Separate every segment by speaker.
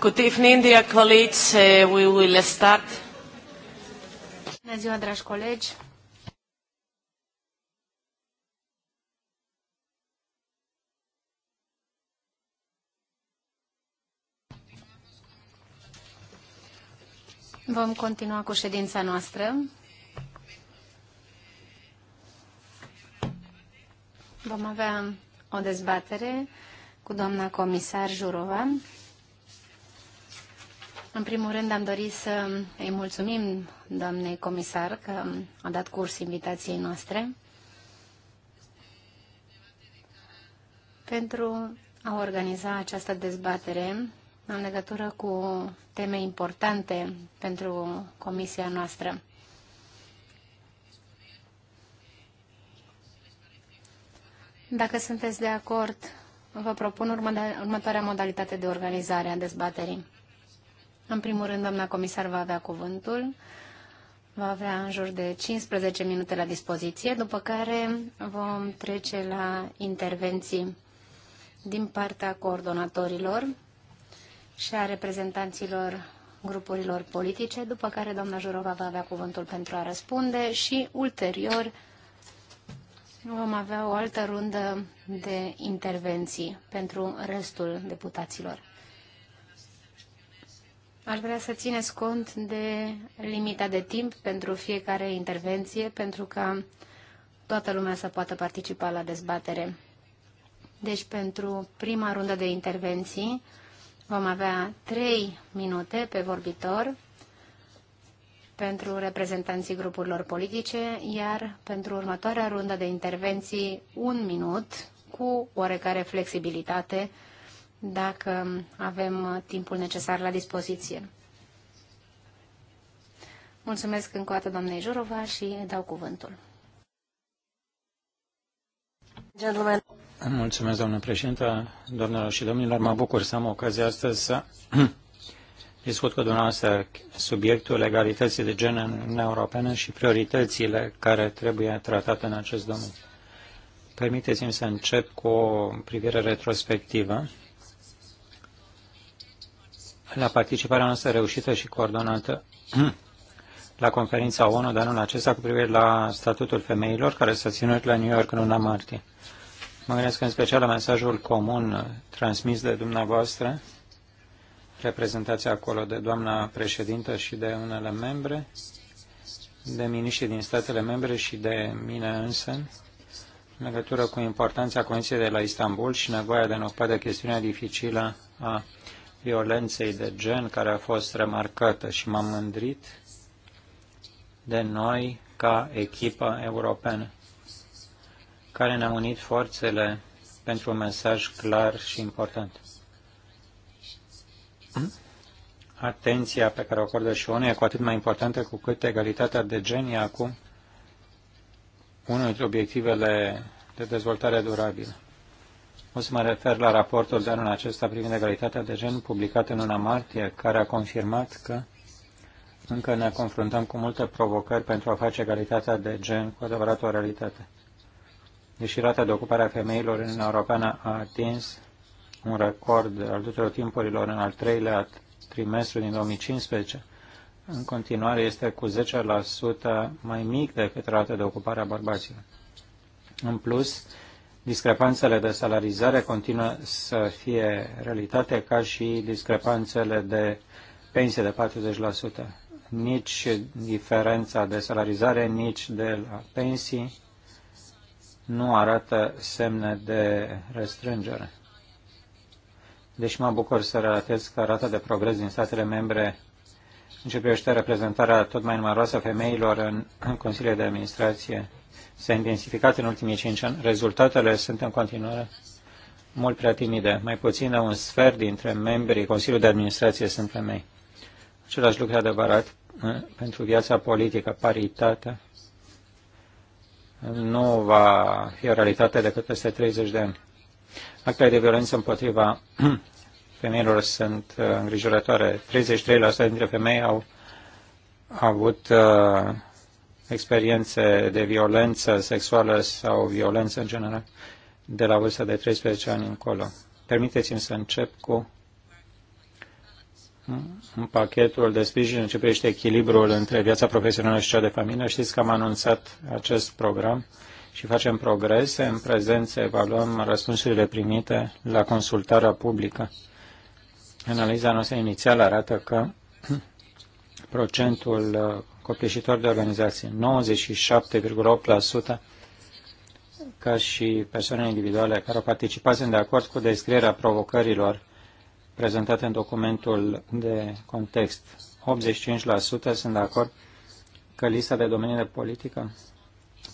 Speaker 1: Good evening, dear colleagues. Uh, we will start.
Speaker 2: Bună ziua, dragi colegi. Vom continua cu ședința noastră. Vom avea o dezbatere cu doamna comisar Jurova în primul rând am dorit să îi mulțumim doamnei comisar că a dat curs invitației noastre pentru a organiza această dezbatere în legătură cu teme importante pentru comisia noastră. Dacă sunteți de acord, vă propun următoarea modalitate de organizare a dezbaterii. În primul rând, doamna comisar va avea cuvântul, va avea în jur de 15 minute la dispoziție, după care vom trece la intervenții din partea coordonatorilor și a reprezentanților grupurilor politice, după care doamna Jurova va avea cuvântul pentru a răspunde și ulterior vom avea o altă rundă de intervenții pentru restul deputaților. Aș vrea să țineți cont de limita de timp pentru fiecare intervenție, pentru ca toată lumea să poată participa la dezbatere. Deci, pentru prima rundă de intervenții, vom avea 3 minute pe vorbitor pentru reprezentanții grupurilor politice, iar pentru următoarea rundă de intervenții, un minut cu oarecare flexibilitate dacă avem uh, timpul necesar la dispoziție. Mulțumesc încă o dată doamnei Jurova și dau cuvântul. Gentlemen.
Speaker 3: Mulțumesc, doamnă președintă, doamnelor și domnilor. Mă bucur să am ocazia astăzi să discut cu dumneavoastră subiectul legalității de gen în Uniunea Europeană și prioritățile care trebuie tratate în acest domeniu. Permiteți-mi să încep cu o privire retrospectivă la participarea noastră reușită și coordonată la conferința ONU de anul acesta cu privire la statutul femeilor care s-a ținut la New York în luna martie. Mă gândesc în special la mesajul comun transmis de dumneavoastră, reprezentația acolo de doamna președintă și de unele membre, de miniștri din statele membre și de mine însă, în legătură cu importanța Convenției de la Istanbul și nevoia de a ne ocupa de chestiunea dificilă a violenței de gen care a fost remarcată și m-am mândrit de noi ca echipă europeană care ne-am unit forțele pentru un mesaj clar și important. Atenția pe care o acordă și unul e cu atât mai importantă cu cât egalitatea de gen e acum unul dintre obiectivele de dezvoltare durabilă. O să mă refer la raportul de anul acesta privind egalitatea de gen publicat în luna martie, care a confirmat că încă ne confruntăm cu multe provocări pentru a face egalitatea de gen cu adevărat o realitate. Deși rata de ocupare a femeilor în Europeană a atins un record al tuturor timpurilor în al treilea trimestru din 2015, în continuare este cu 10% mai mic decât rata de ocupare a bărbaților. În plus, discrepanțele de salarizare continuă să fie realitate ca și discrepanțele de pensie de 40%. Nici diferența de salarizare, nici de la pensii nu arată semne de restrângere. Deci mă bucur să relatez că rata de progres din statele membre în ce privește reprezentarea tot mai numeroasă femeilor în, în Consiliile de Administrație s-a intensificat în ultimii cinci ani. Rezultatele sunt în continuare mult prea timide. Mai puțin de un sfert dintre membrii Consiliului de Administrație sunt femei. Același lucru adevărat uh, pentru viața politică, paritatea nu va fi o realitate decât peste 30 de ani. Actele de violență împotriva femeilor sunt uh, îngrijorătoare. 33% dintre femei au avut uh, experiențe de violență sexuală sau violență în general de la vârsta de 13 ani încolo. Permiteți-mi să încep cu un pachetul de sprijin în ce privește echilibrul între viața profesională și cea de familie. Știți că am anunțat acest program și facem progrese. În prezent evaluăm răspunsurile primite la consultarea publică. Analiza noastră inițială arată că procentul copleșitori de organizație, 97,8% ca și persoane individuale care au participat sunt de acord cu descrierea provocărilor prezentate în documentul de context. 85% sunt de acord că lista de domenii de politică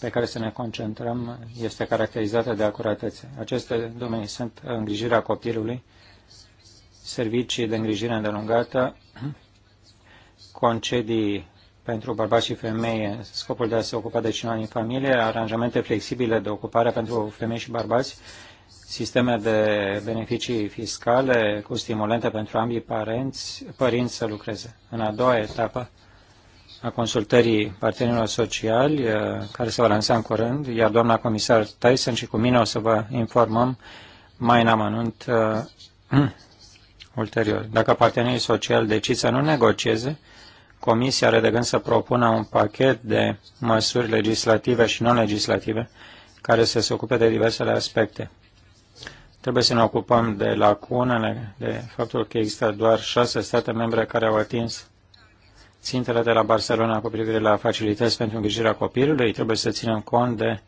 Speaker 3: pe care să ne concentrăm este caracterizată de acuratețe. Aceste domenii sunt îngrijirea copilului, servicii de îngrijire îndelungată, concedii pentru bărbați și femei, scopul de a se ocupa de cineva din familie, aranjamente flexibile de ocupare pentru femei și bărbați, sisteme de beneficii fiscale cu stimulente pentru ambii parenți, părinți să lucreze. În a doua etapă a consultării partenerilor sociali, eh, care se va lansa în curând, iar doamna comisar Tyson și cu mine o să vă informăm mai în amănunt uh, ulterior. Dacă partenerii sociali decid să nu negocieze, Comisia are de gând să propună un pachet de măsuri legislative și non-legislative care să se ocupe de diversele aspecte. Trebuie să ne ocupăm de lacunele, de faptul că există doar șase state membre care au atins țintele de la Barcelona cu privire la facilități pentru îngrijirea copilului. Trebuie să ținem cont de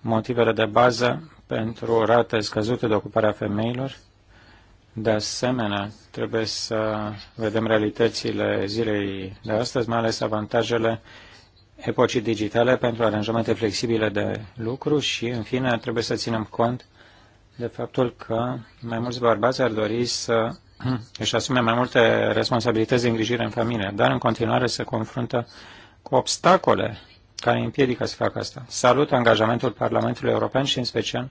Speaker 3: motivele de bază pentru rate scăzute de ocupare a femeilor de asemenea, trebuie să vedem realitățile zilei de astăzi, mai ales avantajele epocii digitale pentru aranjamente flexibile de lucru și, în fine, trebuie să ținem cont de faptul că mai mulți bărbați ar dori să își asume mai multe responsabilități de îngrijire în familie, dar în continuare se confruntă cu obstacole care împiedică să facă asta. Salut angajamentul Parlamentului European și, în special,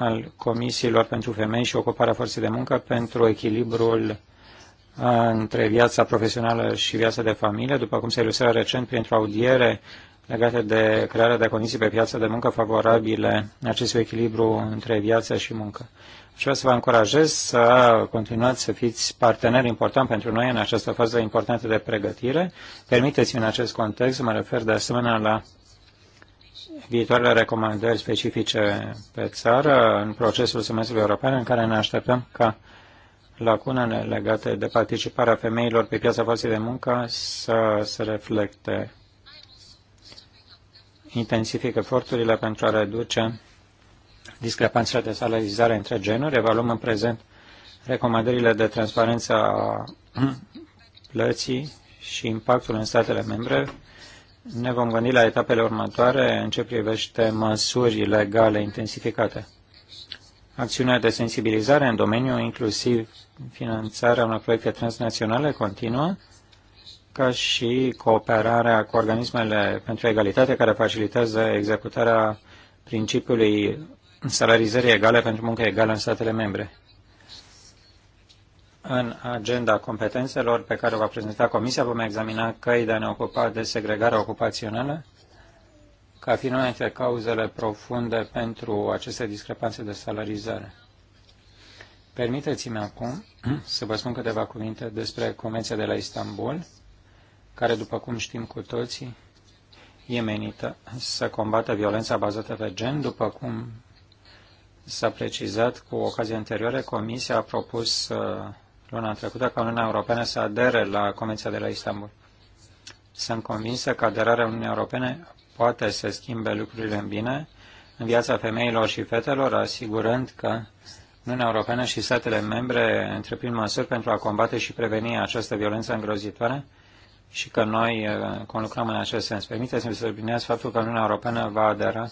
Speaker 3: al Comisiilor pentru Femei și Ocuparea Forței de Muncă pentru echilibrul uh, între viața profesională și viața de familie, după cum se ilustrează recent printr-o audiere legată de crearea de condiții pe piața de muncă favorabile acestui echilibru între viață și muncă. Și vreau să vă încurajez să continuați să fiți parteneri important pentru noi în această fază importantă de pregătire. Permiteți-mi în acest context, mă refer de asemenea la viitoarele recomandări specifice pe țară în procesul semestrului european în care ne așteptăm ca lacunele legate de participarea femeilor pe piața forței de muncă să se reflecte. Intensific eforturile pentru a reduce discrepanțele de salarizare între genuri. Evaluăm în prezent recomandările de transparență a plății și impactul în statele membre ne vom gândi la etapele următoare în ce privește măsuri legale intensificate. Acțiunea de sensibilizare în domeniu, inclusiv finanțarea unor proiecte transnaționale continuă, ca și cooperarea cu organismele pentru egalitate care facilitează executarea principiului salarizării egale pentru muncă egală în statele membre. În agenda competențelor pe care o va prezenta Comisia vom examina căi de a ne ocupa de segregarea ocupațională ca fiind una dintre cauzele profunde pentru aceste discrepanțe de salarizare. Permiteți-mi acum să vă spun câteva cuvinte despre Convenția de la Istanbul, care, după cum știm cu toții, e menită să combată violența bazată pe gen, după cum s-a precizat cu ocazia anterioară, Comisia a propus luna trecută ca Uniunea Europeană să adere la Convenția de la Istanbul. Sunt convinsă că aderarea Uniunii Europene poate să schimbe lucrurile în bine în viața femeilor și fetelor, asigurând că Uniunea Europeană și statele membre întreprind măsuri pentru a combate și preveni această violență îngrozitoare și că noi eh, conlucrăm în acest sens. Permiteți-mi să subliniez faptul că Uniunea Europeană va adera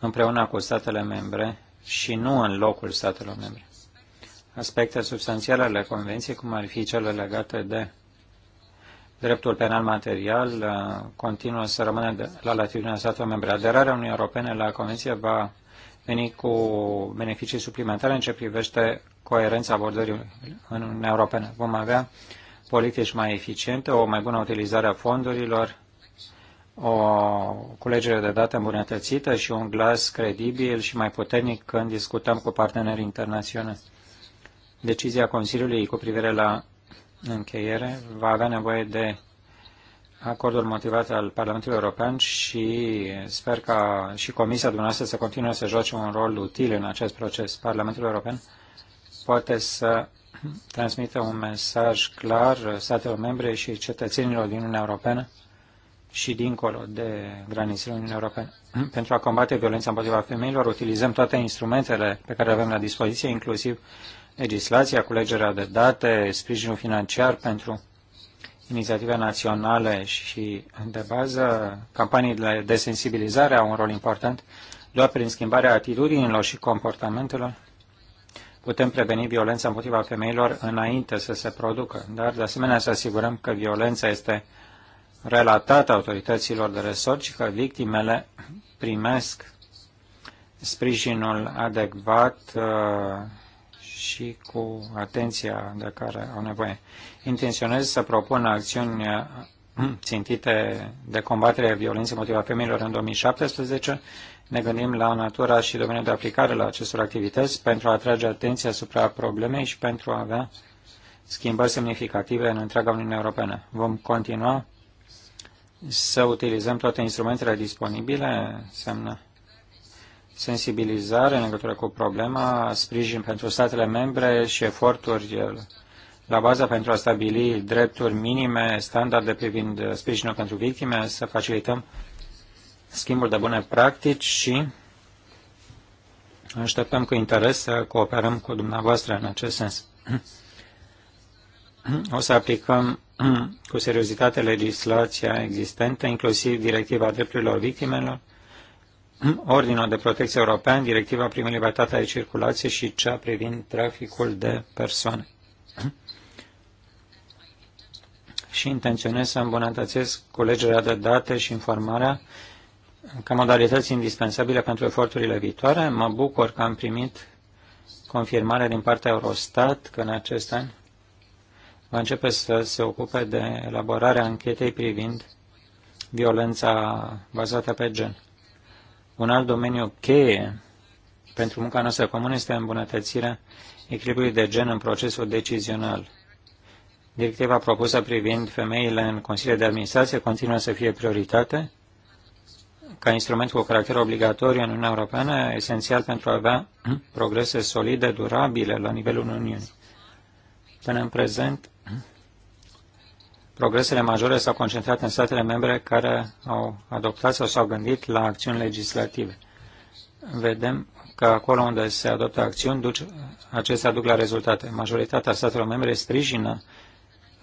Speaker 3: împreună cu statele membre și nu în locul statelor membre aspecte substanțiale ale Convenției, cum ar fi cele legate de dreptul penal material, continuă să rămână la latitudinea statului membre. Aderarea Uniunii Europene la Convenție va veni cu beneficii suplimentare în ce privește coerența abordării în Uniunea Europeană. Vom avea politici mai eficiente, o mai bună utilizare a fondurilor, o culegere de date îmbunătățită și un glas credibil și mai puternic când discutăm cu partenerii internaționali. Decizia Consiliului cu privire la încheiere va avea nevoie de acordul motivat al Parlamentului European și sper ca și Comisia dumneavoastră să continue să joace un rol util în acest proces. Parlamentul European poate să transmită un mesaj clar statelor membre și cetățenilor din Uniunea Europeană și dincolo de granițele Uniunii Europene. Pentru a combate violența împotriva femeilor, utilizăm toate instrumentele pe care le avem la dispoziție, inclusiv legislația, culegerea de date, sprijinul financiar pentru inițiative naționale și de bază, campaniile de sensibilizare au un rol important, doar prin schimbarea atitudinilor și comportamentelor putem preveni violența împotriva femeilor înainte să se producă, dar de asemenea să asigurăm că violența este relatată autorităților de resort și că victimele primesc sprijinul adecvat uh, și cu atenția de care au nevoie. Intenționez să propun acțiuni eh, țintite de combatere a violenței împotriva femeilor în 2017. Ne gândim la natura și domeniul de aplicare la acestor activități pentru a atrage atenția asupra problemei și pentru a avea schimbări semnificative în întreaga Uniune Europeană. Vom continua să utilizăm toate instrumentele disponibile, înseamnă sensibilizare în legătură cu problema, sprijin pentru statele membre și eforturi la baza pentru a stabili drepturi minime, standarde privind sprijinul pentru victime, să facilităm schimbul de bune practici și așteptăm cu interes să cooperăm cu dumneavoastră în acest sens. O să aplicăm cu seriozitate legislația existentă, inclusiv directiva drepturilor victimelor, Ordinul de Protecție European, Directiva privind libertatea de circulație și cea privind traficul de persoane. Și intenționez să îmbunătățesc culegerea de date și informarea ca modalități indispensabile pentru eforturile viitoare. Mă bucur că am primit confirmarea din partea Eurostat că în acest an va începe să se ocupe de elaborarea anchetei privind violența bazată pe gen. Un alt domeniu cheie pentru munca noastră comună este îmbunătățirea echilibrului de gen în procesul decizional. Directiva propusă privind femeile în Consiliul de Administrație continuă să fie prioritate ca instrument cu caracter obligatoriu în Uniunea Europeană, esențial pentru a avea progrese solide, durabile la nivelul Uniunii. Până în prezent, Progresele majore s-au concentrat în statele membre care au adoptat sau s-au gândit la acțiuni legislative. Vedem că acolo unde se adoptă acțiuni, duc, acestea duc la rezultate. Majoritatea statelor membre sprijină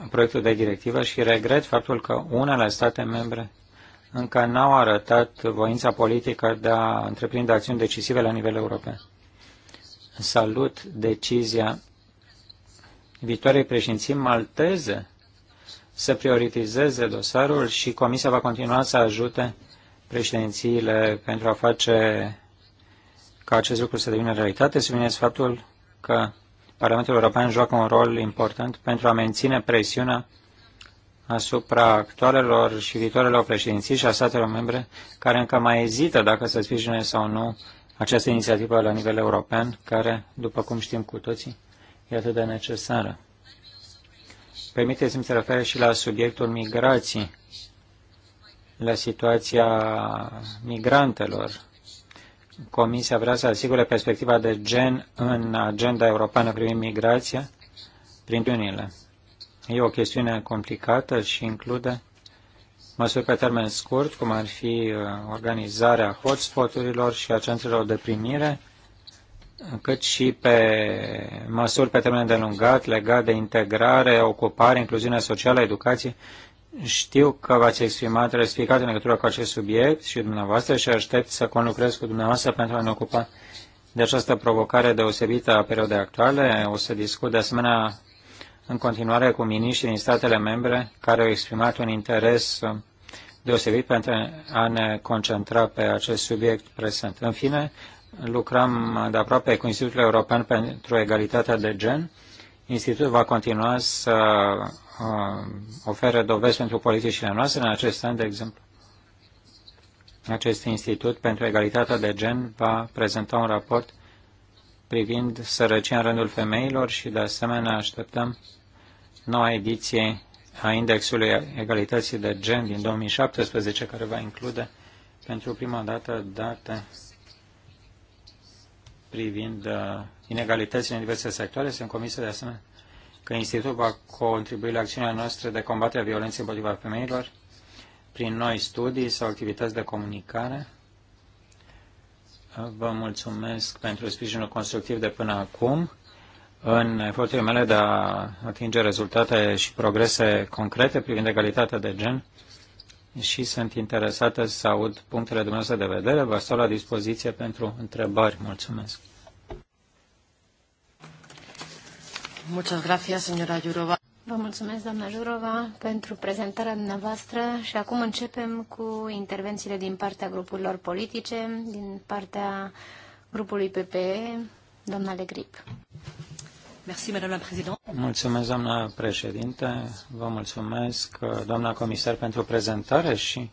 Speaker 3: proiectul de directivă și regret faptul că unele state membre încă n-au arătat voința politică de a întreprinde acțiuni decisive la nivel european. Salut decizia viitoarei președinții malteze să prioritizeze dosarul și Comisia va continua să ajute președințiile pentru a face ca acest lucru să devină realitate. Subliniez faptul că Parlamentul European joacă un rol important pentru a menține presiunea asupra actualelor și viitoarelor președinții și a statelor membre care încă mai ezită dacă să sprijine sau nu această inițiativă la nivel european, care, după cum știm cu toții, e atât de necesară. Permiteți-mi să refer și la subiectul migrații, la situația migrantelor. Comisia vrea să asigure perspectiva de gen în agenda europeană privind migrația prin Uniunile. E o chestiune complicată și include măsuri pe termen scurt, cum ar fi uh, organizarea hotspoturilor și a centrelor de primire, cât și pe măsuri pe termen delungat legat de integrare, ocupare, incluziune socială, educație. Știu că v-ați exprimat răspicat în legătură cu acest subiect și dumneavoastră și aștept să conlucrez cu dumneavoastră pentru a ne ocupa de această provocare deosebită a perioadei actuale. O să discut de asemenea în continuare cu miniștrii din statele membre care au exprimat un interes deosebit pentru a ne concentra pe acest subiect prezent. În fine, lucrăm de aproape cu Institutul European pentru Egalitatea de Gen. Institutul va continua să uh, ofere dovezi pentru politicile noastre. În acest an, de exemplu, acest Institut pentru Egalitatea de Gen va prezenta un raport privind sărăcia în rândul femeilor și, de asemenea, așteptăm noua ediție a Indexului Egalității de Gen din 2017, care va include pentru prima dată date privind uh, inegalitățile în diverse sectoare. Sunt comisă de asemenea că Institutul va contribui la acțiunea noastră de combatere a violenței împotriva femeilor prin noi studii sau activități de comunicare. Uh, vă mulțumesc pentru sprijinul constructiv de până acum în eforturile mele de a atinge rezultate și progrese concrete privind egalitatea de gen și sunt interesată să aud punctele dumneavoastră de vedere. Vă stau la dispoziție pentru întrebări. Mulțumesc.
Speaker 2: Muchas gracias, señora Jurova. Vă mulțumesc, doamna Jurova, pentru prezentarea dumneavoastră și acum începem cu intervențiile din partea grupurilor politice, din partea grupului PPE, doamna Legrip.
Speaker 3: Mulțumesc, doamna președinte. Vă mulțumesc, doamna comisar, pentru prezentare și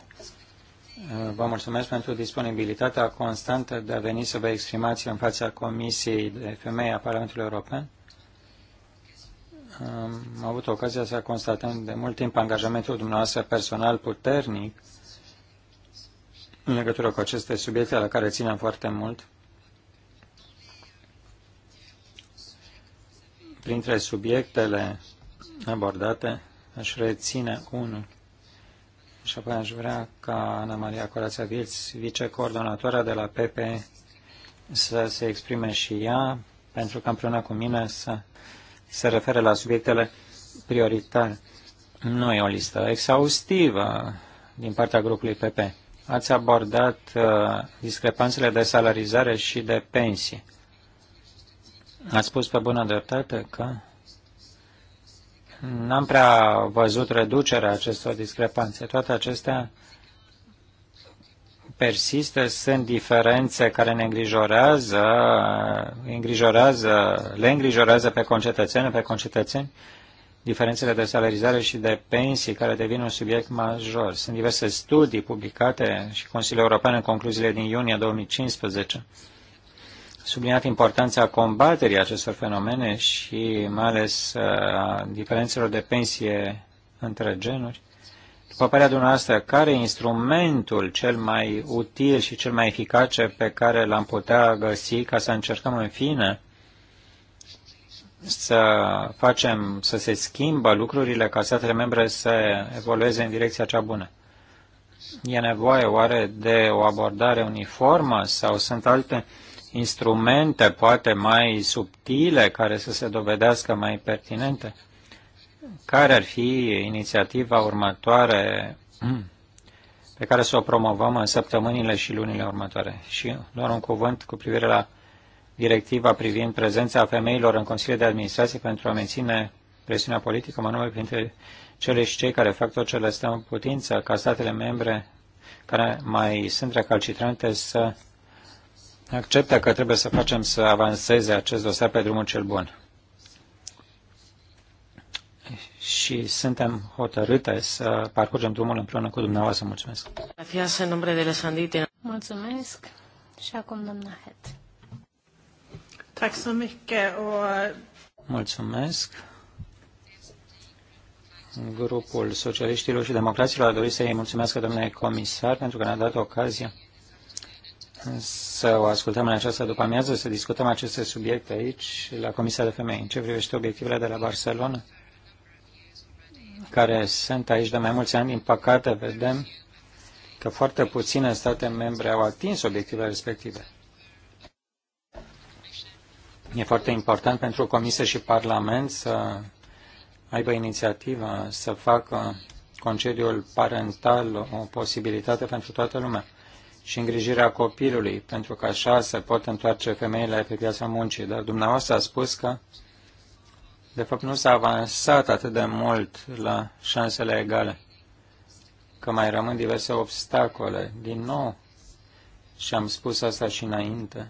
Speaker 3: uh, vă mulțumesc pentru disponibilitatea constantă de a veni să vă exprimați în fața Comisiei de Femei a Parlamentului European. Am avut ocazia să constatăm de mult timp angajamentul dumneavoastră personal puternic în legătură cu aceste subiecte la care ținem foarte mult Printre subiectele abordate, aș reține unul. Și apoi aș vrea ca Ana Maria Corața Vilț, vicecoordonatoarea de la PP, să se exprime și ea, pentru că împreună cu mine să se refere la subiectele prioritare. Nu e o listă exhaustivă din partea grupului PP. Ați abordat uh, discrepanțele de salarizare și de pensie a spus pe bună dreptate că n-am prea văzut reducerea acestor discrepanțe. Toate acestea persistă, sunt diferențe care ne îngrijorează, îngrijorează le îngrijorează pe concetățeni, pe concetățeni, diferențele de salarizare și de pensii care devin un subiect major. Sunt diverse studii publicate și Consiliul European în concluziile din iunie 2015 subliniat importanța combaterii acestor fenomene și mai ales uh, a diferențelor de pensie între genuri. După părerea dumneavoastră, care e instrumentul cel mai util și cel mai eficace pe care l-am putea găsi ca să încercăm în fine să facem să se schimbă lucrurile ca statele membre să evolueze în direcția cea bună? E nevoie oare de o abordare uniformă sau sunt alte uh, instrumente poate mai subtile care să se dovedească mai pertinente? Care ar fi inițiativa următoare mm, pe care să o promovăm în săptămânile și lunile următoare? Și doar un cuvânt cu privire la directiva privind prezența femeilor în Consiliul de Administrație pentru a menține presiunea politică, mă numai printre cele și cei care fac tot ce le stă în putință ca statele membre care mai sunt recalcitrante să acceptă că trebuie să facem să avanseze acest dosar pe drumul cel bun. Și suntem hotărâte să parcurgem drumul împreună cu dumneavoastră. Mulțumesc.
Speaker 2: Mulțumesc. Și acum doamna Het.
Speaker 4: Eh,
Speaker 3: mulțumesc. Grupul Socialiștilor și Democraților a dorit să-i mulțumesc, domnule comisar, pentru că ne-a dat ocazia să o ascultăm în această după amiază, să discutăm aceste subiecte aici, la Comisia de Femei, în ce privește obiectivele de la Barcelona, care sunt aici de mai mulți ani. Din păcate, vedem că foarte puține state membre au atins obiectivele respective. E foarte important pentru Comisie și Parlament să aibă inițiativa să facă concediul parental o posibilitate pentru toată lumea și îngrijirea copilului, pentru că așa se pot întoarce femeile la piața muncii. Dar dumneavoastră a spus că, de fapt, nu s-a avansat atât de mult la șansele egale, că mai rămân diverse obstacole. Din nou, și am spus asta și înainte,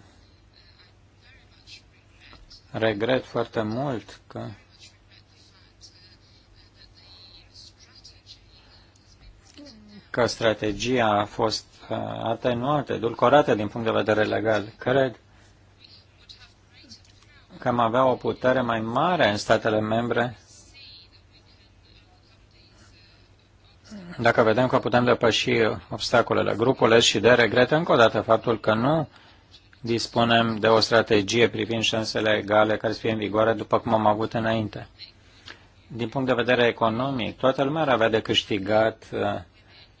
Speaker 3: regret foarte mult că că strategia a fost atenuate, dulcorate din punct de vedere legal. Cred că am avea o putere mai mare în statele membre dacă vedem că putem depăși obstacolele. Grupul și de regret încă o dată faptul că nu dispunem de o strategie privind șansele egale care să fie în vigoare după cum am avut înainte. Din punct de vedere economic, toată lumea ar avea de câștigat uh,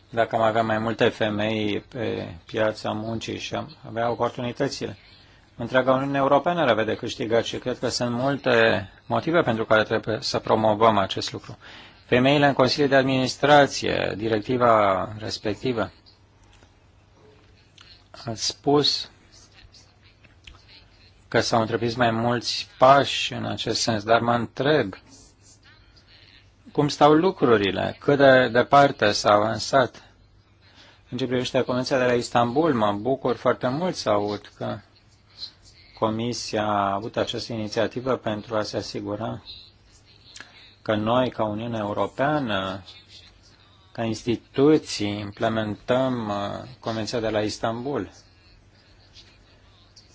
Speaker 3: dacă am avea mai multe femei pe piața muncii și am avea oportunitățile. Întreaga Uniune Europeană ar avea de câștigat și cred că sunt multe motive pentru care trebuie să promovăm acest lucru. Femeile în Consiliul de Administrație, directiva respectivă, a spus că s-au întrebit mai mulți pași în acest sens, dar mă întreb cum stau lucrurile, cât de departe s-a avansat. În ce privește Convenția de la Istanbul, mă bucur foarte mult să aud că Comisia a avut această inițiativă pentru a se asigura că noi, ca Uniunea Europeană, ca instituții, implementăm uh, Convenția de la Istanbul.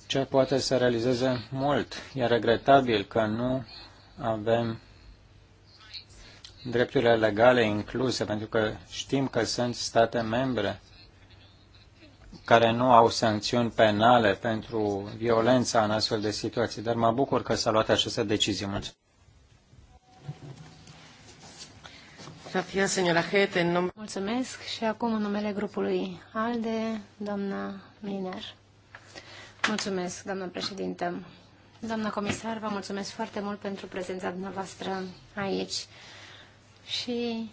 Speaker 3: Ce poate să realizeze mult. E regretabil că nu avem drepturile legale incluse, pentru că știm că sunt state membre care nu au sancțiuni penale pentru violența în astfel de situații, dar mă bucur că s-a luat această decizie. Mulțumesc.
Speaker 2: Mulțumesc și acum în numele grupului ALDE, doamna Miner. Mulțumesc, doamna președintă. Doamna comisar, vă mulțumesc foarte mult pentru prezența dumneavoastră aici și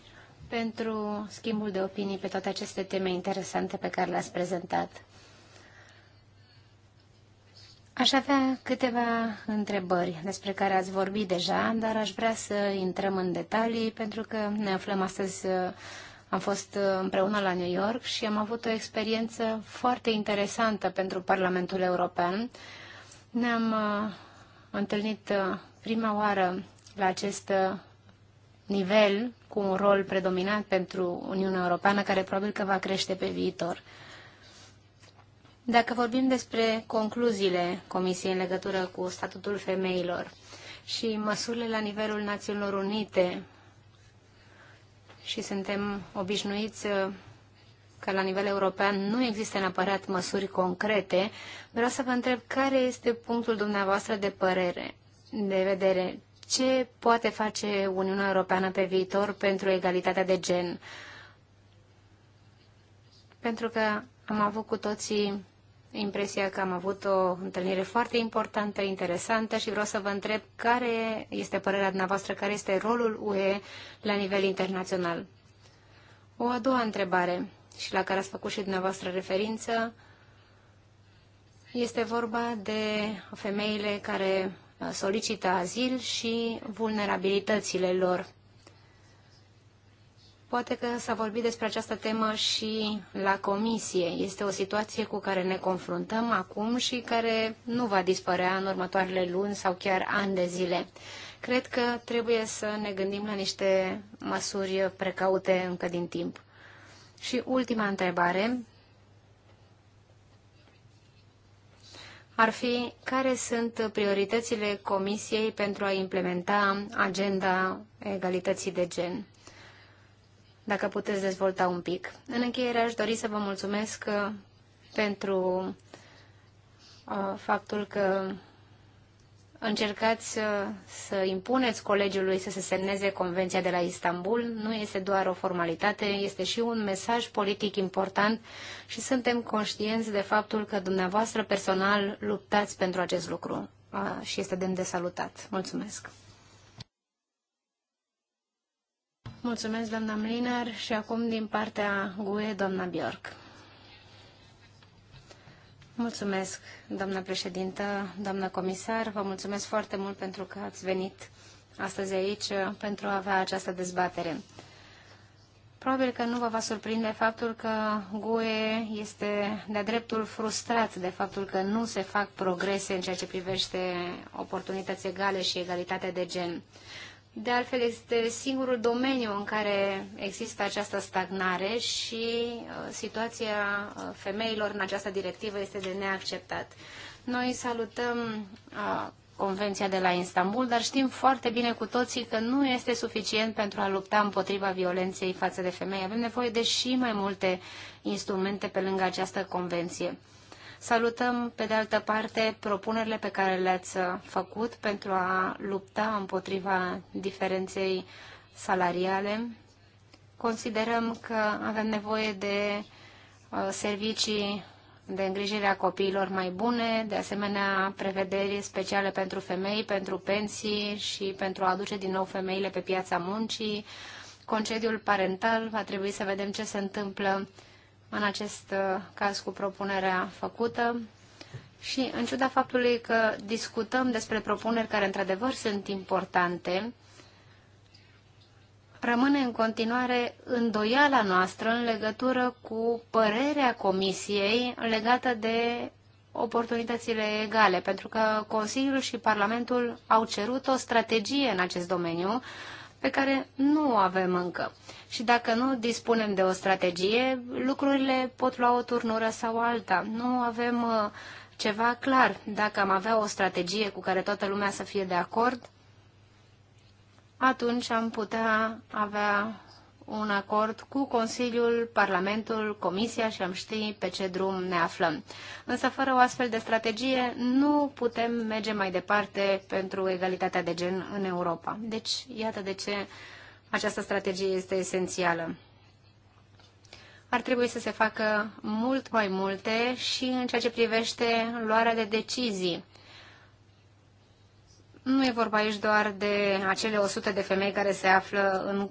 Speaker 2: pentru schimbul de opinii pe toate aceste teme interesante pe care le-ați prezentat. Aș avea câteva întrebări despre care ați vorbit deja, dar aș vrea să intrăm în detalii pentru că ne aflăm astăzi, am fost împreună la New York și am avut o experiență foarte interesantă pentru Parlamentul European. Ne-am uh, întâlnit uh, prima oară la acest uh, nivel cu un rol predominant pentru Uniunea Europeană, care probabil că va crește pe viitor. Dacă vorbim despre concluziile Comisiei în legătură cu statutul femeilor și măsurile la nivelul Națiunilor Unite, și suntem obișnuiți uh, că la nivel european nu există neapărat măsuri concrete, vreau să vă întreb care este punctul dumneavoastră de părere, de vedere, ce poate face Uniunea Europeană pe viitor pentru egalitatea de gen. Pentru că am avut cu toții impresia că am avut o întâlnire foarte importantă, interesantă și vreau să vă întreb care este părerea dumneavoastră, care este rolul UE la nivel internațional. O a doua întrebare și la care ați făcut și dumneavoastră referință este vorba de femeile care solicită azil și vulnerabilitățile lor. Poate că s-a vorbit despre această temă și la comisie. Este o situație cu care ne confruntăm acum și care nu va dispărea în următoarele luni sau chiar ani de zile. Cred că trebuie să ne gândim la niște măsuri precaute încă din timp. Și ultima întrebare ar fi care sunt prioritățile Comisiei pentru a implementa agenda egalității de gen. Dacă puteți dezvolta un pic. În încheiere aș dori să vă mulțumesc uh, pentru uh, faptul că încercați să, să impuneți colegiului să se semneze Convenția de la Istanbul. Nu este doar o formalitate, este și un mesaj politic important și suntem conștienți de faptul că dumneavoastră personal luptați pentru acest lucru și este demn de salutat. Mulțumesc! Mulțumesc, doamna Mlinar, și acum din partea GUE, doamna Bjork. Mulțumesc, doamnă președintă, doamnă comisar. Vă mulțumesc foarte mult pentru că ați venit astăzi aici pentru a avea această dezbatere. Probabil că nu vă va surprinde faptul că GUE este de-a dreptul frustrat de faptul că nu se fac progrese în ceea ce privește oportunități egale și egalitate de gen. De altfel, este singurul domeniu în care există această stagnare și uh, situația uh, femeilor în această directivă este de neacceptat. Noi salutăm uh, Convenția de la Istanbul, dar știm foarte bine cu toții că nu este suficient pentru a lupta împotriva violenței față de femei. Avem nevoie de și mai multe instrumente pe lângă această convenție. Salutăm, pe de altă parte, propunerile pe care le-ați făcut pentru a lupta împotriva diferenței salariale. Considerăm că avem nevoie de uh, servicii de îngrijire a copiilor mai bune, de asemenea prevederi speciale pentru femei, pentru pensii și pentru a aduce din nou femeile pe piața muncii. Concediul parental, va trebui să vedem ce se întâmplă în acest uh, caz cu propunerea făcută și în ciuda faptului că discutăm despre propuneri care într-adevăr sunt importante, rămâne în continuare îndoiala noastră în legătură cu părerea Comisiei legată de oportunitățile egale, pentru că Consiliul și Parlamentul au cerut o strategie în acest domeniu pe care nu o avem încă. Și dacă nu dispunem de o strategie, lucrurile pot lua o turnură sau alta. Nu avem uh, ceva clar. Dacă am avea o strategie cu care toată lumea să fie de acord, atunci am putea avea un acord cu Consiliul, Parlamentul, Comisia și am ști pe ce drum ne aflăm. Însă fără o astfel de strategie nu putem merge mai departe pentru egalitatea de gen în Europa. Deci iată de ce această strategie este esențială ar trebui să se facă mult mai multe și în ceea ce privește luarea de decizii. Nu e vorba aici doar de acele 100 de femei care se află în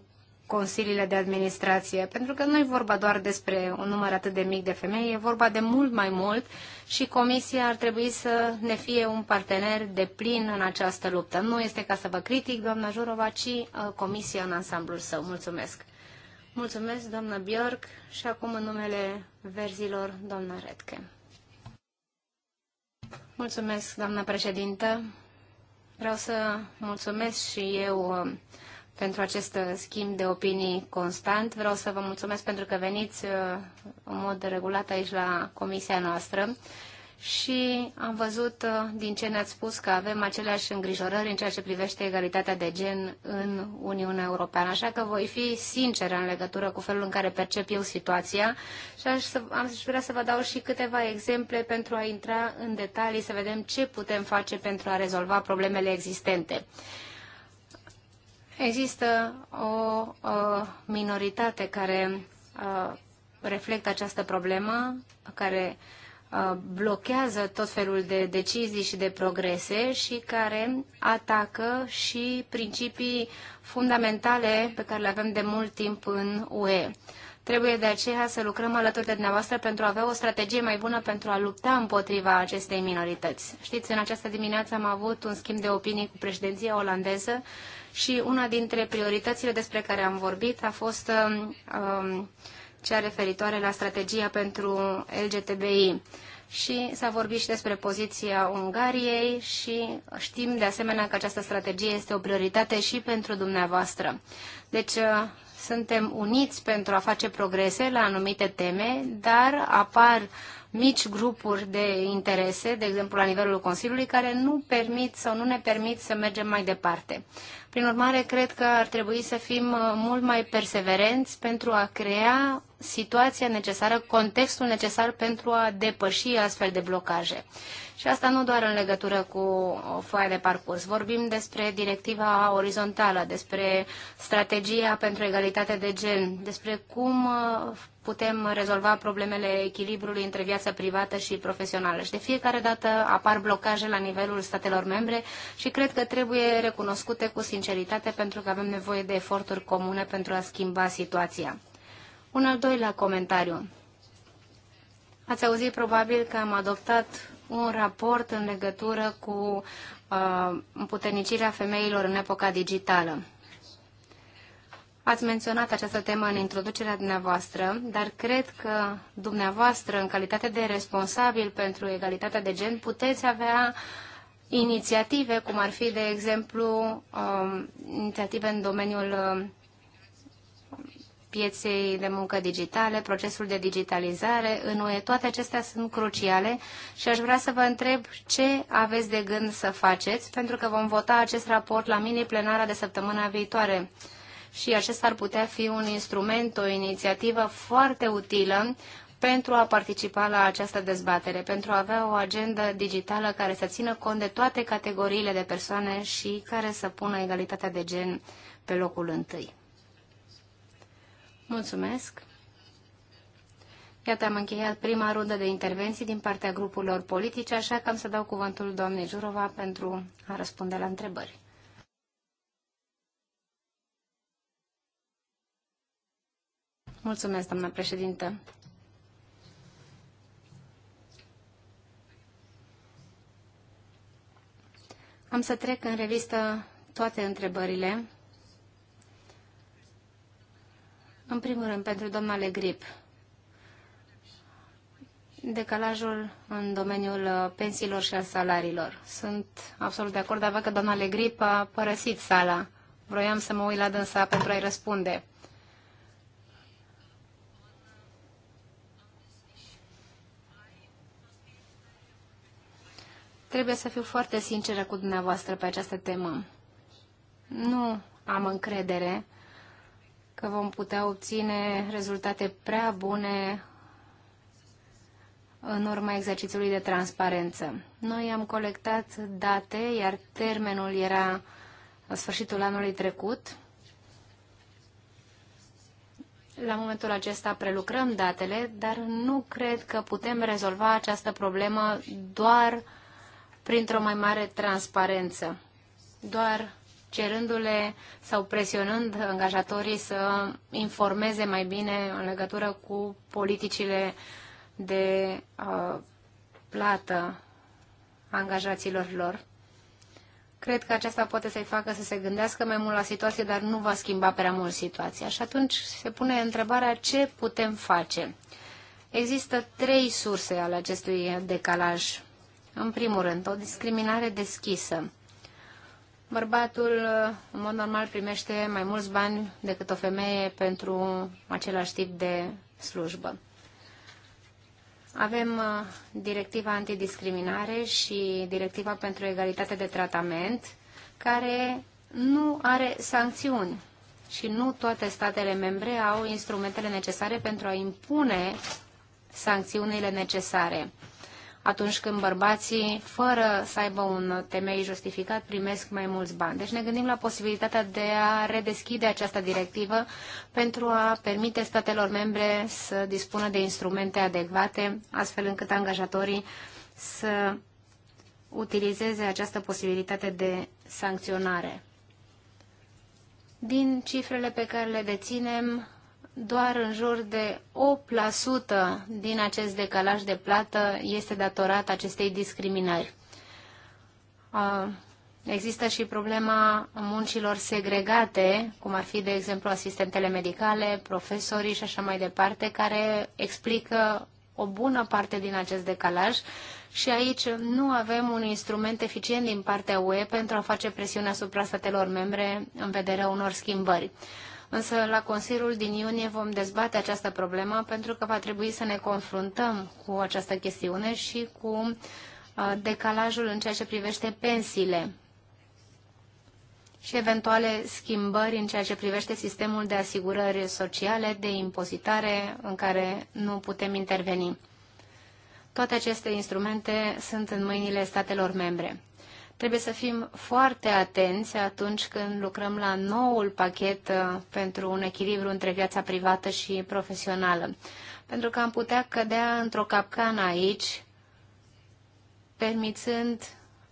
Speaker 2: consiliile de administrație, pentru că nu e vorba doar despre un număr atât de mic de femei, e vorba de mult mai mult și comisia ar trebui să ne fie un partener de plin în această luptă. Nu este ca să vă critic, doamna Jurova, ci uh, comisia în ansamblul său. Mulțumesc! Mulțumesc, doamna Bjork, și acum în numele verzilor, doamna Redke. Mulțumesc, doamna președintă. Vreau să mulțumesc și eu uh, pentru acest schimb de opinii constant. Vreau să vă mulțumesc pentru că veniți uh, în mod regulat aici la comisia noastră și am văzut uh, din ce ne-ați spus că avem aceleași îngrijorări în ceea ce privește egalitatea de gen în Uniunea Europeană. Așa că voi fi sinceră în legătură cu felul în care percep eu situația și aș, am vrea să vă dau și câteva exemple pentru a intra în detalii, să vedem ce putem face pentru a rezolva problemele existente. Există o minoritate care uh, reflectă această problemă, care uh, Uh, blochează tot felul de decizii și de progrese și care atacă și principii fundamentale pe care le avem de mult timp în UE. Trebuie de aceea să lucrăm alături de dumneavoastră pentru a avea o strategie mai bună pentru a lupta împotriva acestei minorități. Știți, în această dimineață am avut un schimb de opinii cu președinția olandeză și una dintre prioritățile despre care am vorbit a fost uh, cea referitoare la strategia pentru LGTBI. Și s-a vorbit și despre poziția Ungariei și știm de asemenea că această strategie este o prioritate și pentru dumneavoastră. Deci uh, suntem uniți pentru a face progrese la anumite teme, dar apar mici grupuri de interese, de exemplu la nivelul Consiliului, care nu permit sau nu ne permit să mergem mai departe. Prin urmare, cred că ar trebui să fim uh, mult mai perseverenți pentru a crea situația necesară, contextul necesar pentru a depăși astfel de blocaje. Și asta nu doar în legătură cu foaia de parcurs. Vorbim despre directiva orizontală, despre strategia pentru egalitate de gen, despre cum uh, putem rezolva problemele echilibrului între viața privată și profesională. Și de fiecare dată apar blocaje la nivelul statelor membre și cred că trebuie recunoscute cu sinceritate pentru că avem nevoie de eforturi comune pentru a schimba situația. Un al doilea comentariu. Ați auzit probabil că am adoptat un raport în legătură cu uh, împuternicirea femeilor în epoca digitală. Ați menționat această temă în introducerea dumneavoastră, dar cred că dumneavoastră, în calitate de responsabil pentru egalitatea de gen, puteți avea inițiative, cum ar fi, de exemplu, um, inițiative în domeniul um, pieței de muncă digitale, procesul de digitalizare în UE. Toate acestea sunt cruciale și aș vrea să vă întreb ce aveți de gând să faceți, pentru că vom vota acest raport la mini-plenara de săptămâna viitoare. Și acesta ar putea fi un instrument, o inițiativă foarte utilă pentru a participa la această dezbatere, pentru a avea o agendă digitală care să țină cont de toate categoriile de persoane și care să pună egalitatea de gen pe locul întâi. Mulțumesc! Iată, am încheiat prima rundă de intervenții din partea grupurilor politice, așa că am să dau cuvântul doamnei Jurova pentru a răspunde la întrebări. Mulțumesc, doamna președintă. Am să trec în revistă toate întrebările În primul rând, pentru domnule Grip, decalajul în domeniul uh, pensiilor și al salariilor. Sunt absolut de acord, dar văd că doamna Legrip a părăsit sala. Vroiam să mă uit la dânsa pentru a-i răspunde. Trebuie să fiu foarte sinceră cu dumneavoastră pe această temă. Nu am încredere că vom putea obține rezultate prea bune în urma exercițiului de transparență. Noi am colectat date, iar termenul era sfârșitul anului trecut. La momentul acesta prelucrăm datele, dar nu cred că putem rezolva această problemă doar printr-o mai mare transparență. Doar cerându-le sau presionând angajatorii să informeze mai bine în legătură cu politicile de uh, plată a angajaților lor. Cred că aceasta poate să-i facă să se gândească mai mult la situație, dar nu va schimba prea mult situația. Și atunci se pune întrebarea ce putem face. Există trei surse ale acestui decalaj. În primul rând, o discriminare deschisă Bărbatul, în mod normal, primește mai mulți bani decât o femeie pentru același tip de slujbă. Avem uh, directiva antidiscriminare și directiva pentru egalitate de tratament, care nu are sancțiuni și nu toate statele membre au instrumentele necesare pentru a impune sancțiunile necesare atunci când bărbații, fără să aibă un temei justificat, primesc mai mulți bani. Deci ne gândim la posibilitatea de a redeschide această directivă pentru a permite statelor membre să dispună de instrumente adecvate, astfel încât angajatorii să utilizeze această posibilitate de sancționare. Din cifrele pe care le deținem, doar în jur de 8% din acest decalaj de plată este datorat acestei discriminări. Există și problema muncilor segregate, cum ar fi, de exemplu, asistentele medicale, profesorii și așa mai departe, care explică o bună parte din acest decalaj și aici nu avem un instrument eficient din partea UE pentru a face presiune asupra statelor membre în vederea unor schimbări. Însă la Consiliul din iunie vom dezbate această problemă pentru că va trebui să ne confruntăm cu această chestiune și cu uh, decalajul în ceea ce privește pensiile și eventuale schimbări în ceea ce privește sistemul de asigurări sociale, de impozitare, în care nu putem interveni. Toate aceste instrumente sunt în mâinile statelor membre. Trebuie să fim foarte atenți atunci când lucrăm la noul pachet uh, pentru un echilibru între viața privată și profesională. Pentru că am putea cădea într-o capcană aici, permițând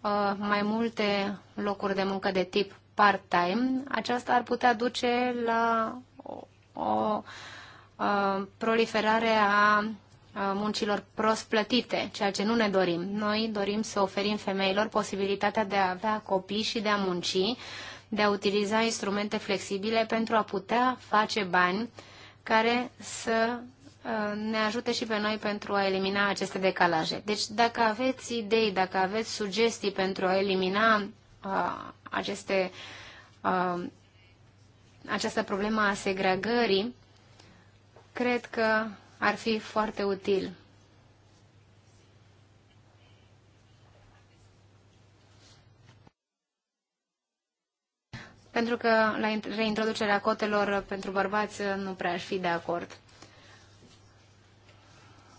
Speaker 2: uh, mai multe locuri de muncă de tip part-time, aceasta ar putea duce la o, o uh, proliferare a Uh, muncilor prost plătite, ceea ce nu ne dorim. Noi dorim să oferim femeilor posibilitatea de a avea copii și de a munci, de a utiliza instrumente flexibile pentru a putea face bani care să uh, ne ajute și pe noi pentru a elimina aceste decalaje. Deci dacă aveți idei, dacă aveți sugestii pentru a elimina uh, aceste, uh, această problemă a segregării, cred că ar fi foarte util. Pentru că la reintroducerea cotelor pentru bărbați nu prea aș fi de acord.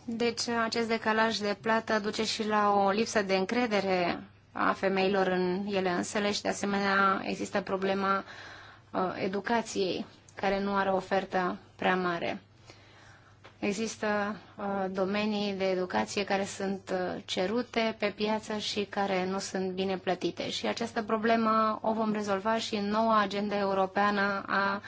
Speaker 2: Deci acest decalaj de plată duce și la o lipsă de încredere a femeilor în ele însele și de asemenea există problema uh, educației care nu are o ofertă prea mare. Există uh, domenii de educație care sunt uh, cerute pe piață și care nu sunt bine plătite. Și această problemă o vom rezolva și în noua agenda europeană a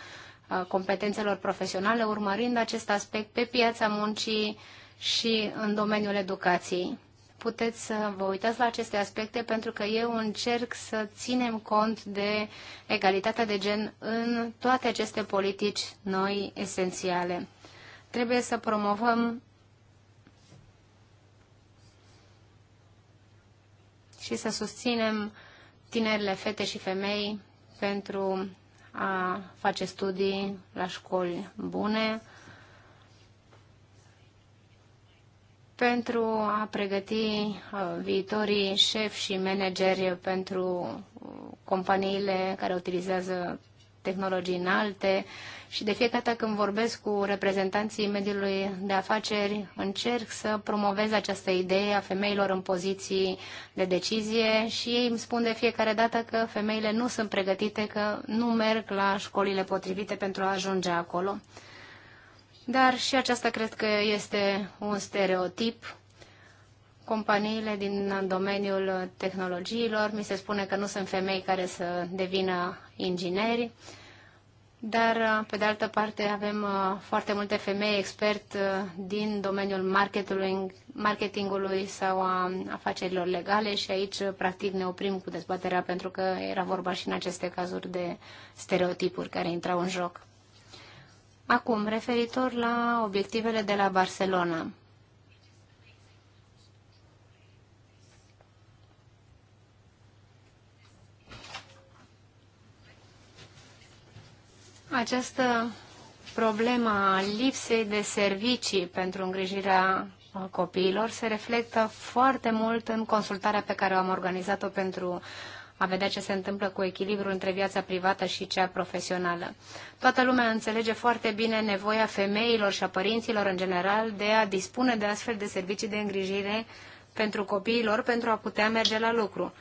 Speaker 2: competențelor profesionale, urmărind acest aspect pe piața muncii și în domeniul educației. Puteți să vă uitați la aceste aspecte pentru că eu încerc să ținem cont de egalitatea de gen în toate aceste politici noi esențiale. Trebuie să promovăm și să susținem tinerile fete și femei pentru a face studii la școli bune, pentru a pregăti uh, viitorii șefi și manageri pentru uh, companiile care utilizează tehnologii înalte și de fiecare dată când vorbesc cu reprezentanții mediului de afaceri, încerc să promovez această idee a femeilor în poziții de decizie și ei îmi spun de fiecare dată că femeile nu sunt pregătite, că nu merg la școlile potrivite pentru a ajunge acolo. Dar și aceasta cred că este un stereotip companiile din domeniul tehnologiilor. Mi se spune că nu sunt femei care să devină ingineri, dar, pe de altă parte, avem uh, foarte multe femei expert uh, din domeniul marketingului sau a afacerilor legale și aici, uh, practic, ne oprim cu dezbaterea pentru că era vorba și în aceste cazuri de stereotipuri care intrau în joc. Acum, referitor la obiectivele de la Barcelona. Această a lipsei de servicii pentru îngrijirea uh, copiilor se reflectă foarte mult în consultarea pe care o am organizat-o pentru a vedea ce se întâmplă cu echilibrul între viața privată și cea profesională. Toată lumea înțelege foarte bine nevoia femeilor și a părinților în general de a dispune de astfel de servicii de îngrijire pentru copiilor pentru a putea merge la lucru.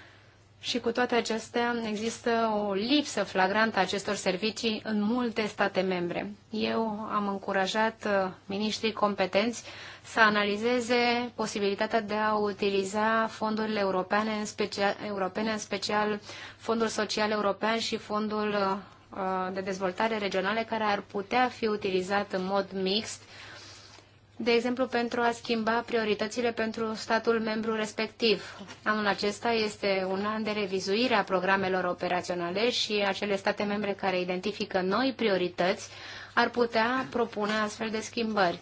Speaker 2: Și cu toate acestea există o lipsă flagrantă a acestor servicii în multe state membre. Eu am încurajat uh, miniștrii competenți să analizeze posibilitatea de a utiliza fondurile europene, în special, europene, în special Fondul Social European și Fondul uh, de Dezvoltare Regionale, care ar putea fi utilizat în mod mixt de exemplu, pentru a schimba prioritățile pentru statul membru respectiv. Anul acesta este un an de revizuire a programelor operaționale și acele state membre care identifică noi priorități ar putea propune astfel de schimbări.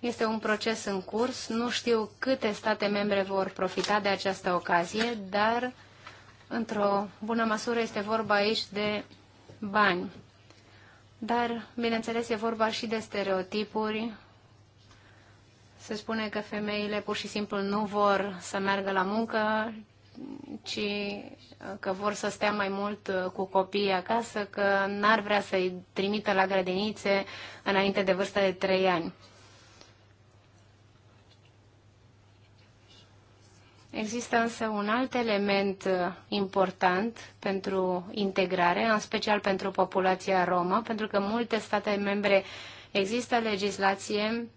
Speaker 2: Este un proces în curs, nu știu câte state membre vor profita de această ocazie, dar într-o bună măsură este vorba aici de bani dar, bineînțeles, e vorba și de stereotipuri. Se spune că femeile pur și simplu nu vor să meargă la muncă, ci uh, că vor să stea mai mult uh, cu copiii acasă, că n-ar vrea să-i trimită la grădinițe înainte de vârsta de 3 ani. Există însă un alt element uh, important pentru integrare, în special pentru populația romă, pentru că multe state membre există legislație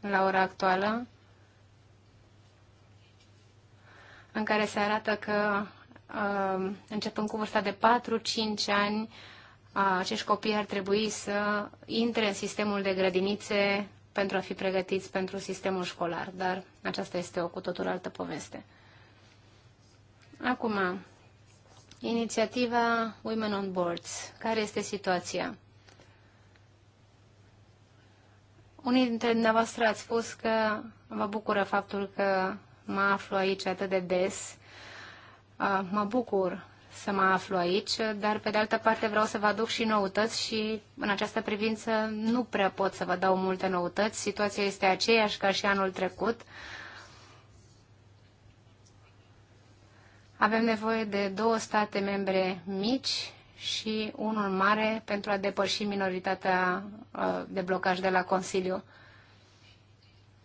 Speaker 2: la ora actuală în care se arată că uh, începând cu vârsta de 4-5 ani, uh, acești copii ar trebui să intre în sistemul de grădinițe pentru a fi pregătiți pentru sistemul școlar, dar aceasta este o cu totul altă poveste. Acum, inițiativa Women on Boards. Care este situația? Unii dintre dumneavoastră ați spus că vă bucură faptul că mă aflu aici atât de des. Ah, mă bucur să mă aflu aici, dar pe de altă parte vreau să vă aduc și noutăți și în această privință nu prea pot să vă dau multe noutăți. Situația este aceeași ca și anul trecut. Avem nevoie de două state membre mici și unul mare pentru a depăși minoritatea uh, de blocaj de la Consiliu.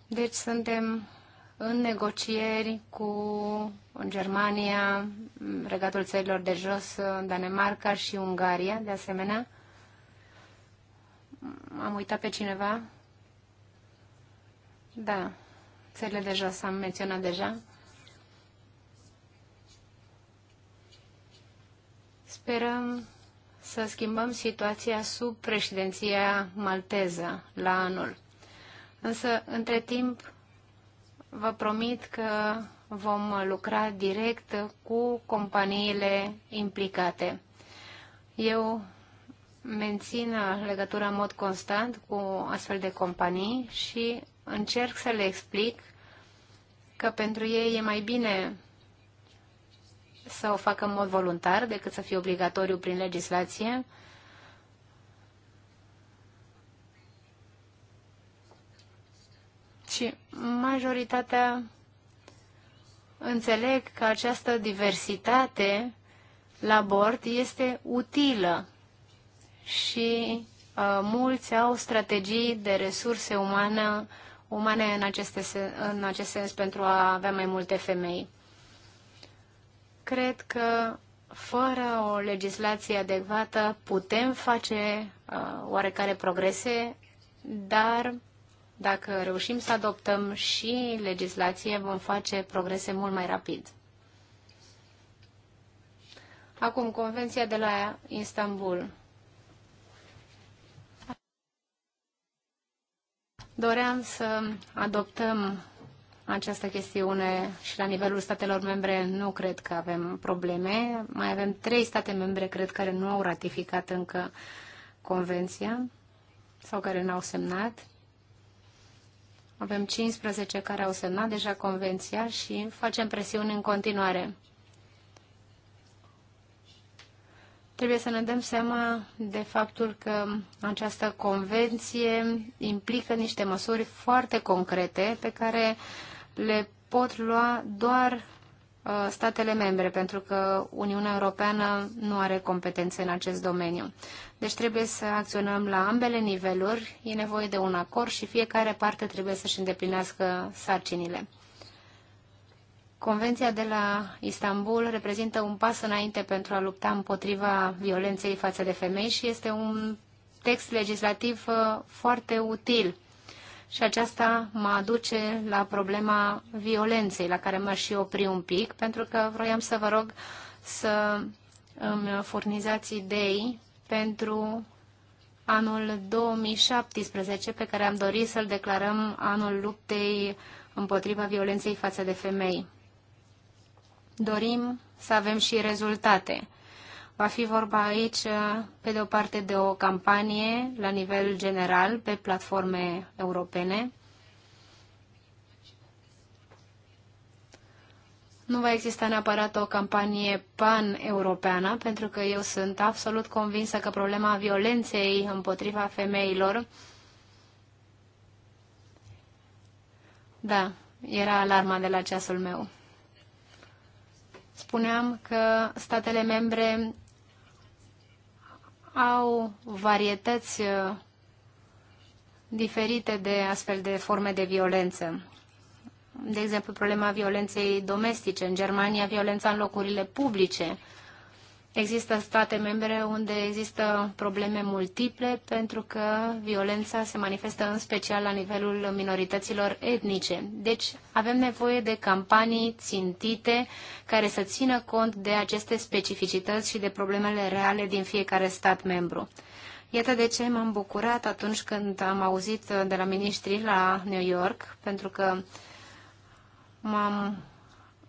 Speaker 2: Deci suntem în negocieri cu Germania, Regatul Țărilor de Jos, Danemarca și Ungaria, de asemenea. Am uitat pe cineva? Da, țările de jos am menționat deja. Sperăm să schimbăm situația sub președinția malteză la anul. Însă, între timp, vă promit că vom lucra direct cu companiile implicate. Eu mențin legătura în mod constant cu astfel de companii și încerc să le explic că pentru ei e mai bine să o facă în mod voluntar decât să fie obligatoriu prin legislație și majoritatea înțeleg că această diversitate la bord este utilă și uh, mulți au strategii de resurse umane, umane în, aceste, în acest sens pentru a avea mai multe femei. Cred că fără o legislație adecvată putem face uh, oarecare progrese, dar dacă reușim să adoptăm și legislație, vom face progrese mult mai rapid. Acum, Convenția de la Istanbul. Doream să adoptăm această chestiune și la nivelul statelor membre nu cred că avem probleme. Mai avem trei state membre, cred, care nu au ratificat încă convenția sau care n-au semnat. Avem 15 care au semnat deja convenția și facem presiuni în continuare. Trebuie să ne dăm seama de faptul că această convenție implică niște măsuri foarte concrete pe care le pot lua doar Uh, statele membre, pentru că Uniunea Europeană nu are competențe în acest domeniu. Deci trebuie să acționăm la ambele niveluri, e nevoie de un acord și fiecare parte trebuie să-și îndeplinească sarcinile. Convenția de la Istanbul reprezintă un pas înainte pentru a lupta împotriva violenței față de femei și este un text legislativ uh, foarte util și aceasta mă aduce la problema violenței, la care m-aș și opri un pic, pentru că vroiam să vă rog să îmi furnizați idei pentru anul 2017, pe care am dorit să-l declarăm anul luptei împotriva violenței față de femei. Dorim să avem și rezultate. Va fi vorba aici, uh, pe de o parte, de o campanie la nivel general pe platforme europene. Nu va exista neapărat o campanie pan-europeană, pentru că eu sunt absolut convinsă că problema violenței împotriva femeilor Da, era alarma de la ceasul meu. Spuneam că statele membre au varietăți uh, diferite de astfel de forme de violență. De exemplu, problema violenței domestice. În Germania, violența în locurile publice Există state membre unde există probleme multiple pentru că violența se manifestă în special la nivelul minorităților etnice. Deci avem nevoie de campanii țintite care să țină cont de aceste specificități și de problemele reale din fiecare stat membru. Iată de ce m-am bucurat atunci când am auzit de la ministri la New York, pentru că m-am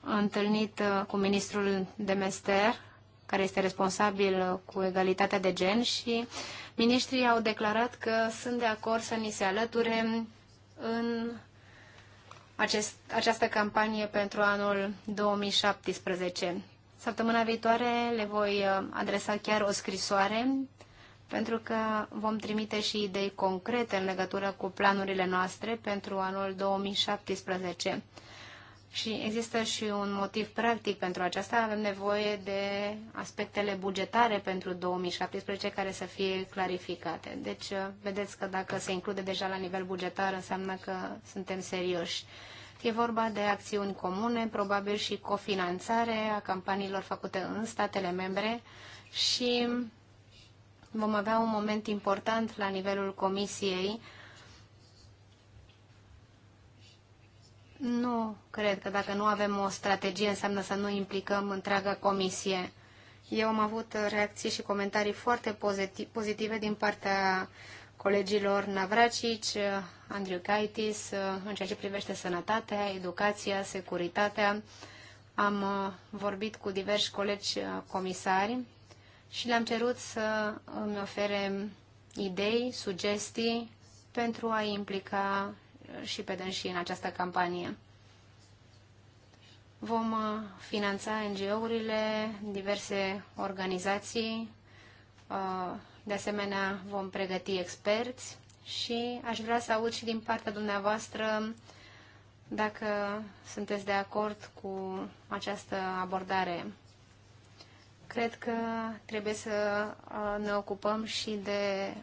Speaker 2: întâlnit cu ministrul de Mester care este responsabil uh, cu egalitatea de gen și ministrii au declarat că sunt de acord să ni se alăture în acest, această campanie pentru anul 2017. Săptămâna viitoare le voi uh, adresa chiar o scrisoare pentru că vom trimite și idei concrete în legătură cu planurile noastre pentru anul 2017 și există și un motiv practic pentru aceasta. Avem nevoie de aspectele bugetare pentru 2017 care să fie clarificate. Deci, uh, vedeți că dacă se include deja la nivel bugetar, înseamnă că suntem serioși. E vorba de acțiuni comune, probabil și cofinanțare a campaniilor făcute în statele membre și vom avea un moment important la nivelul Comisiei Nu cred că dacă nu avem o strategie înseamnă să nu implicăm întreaga comisie. Eu am avut reacții și comentarii foarte pozitive din partea colegilor Navracici, Andriu Caitis, în ceea ce privește sănătatea, educația, securitatea. Am uh, vorbit cu diversi colegi uh, comisari și le-am cerut să îmi ofere idei, sugestii pentru a implica și pe dânsii în această campanie. Vom uh, finanța NGO-urile, diverse organizații, uh, de asemenea vom pregăti experți și aș vrea să aud și din partea dumneavoastră dacă sunteți de acord cu această abordare. Cred că trebuie să uh, ne ocupăm și de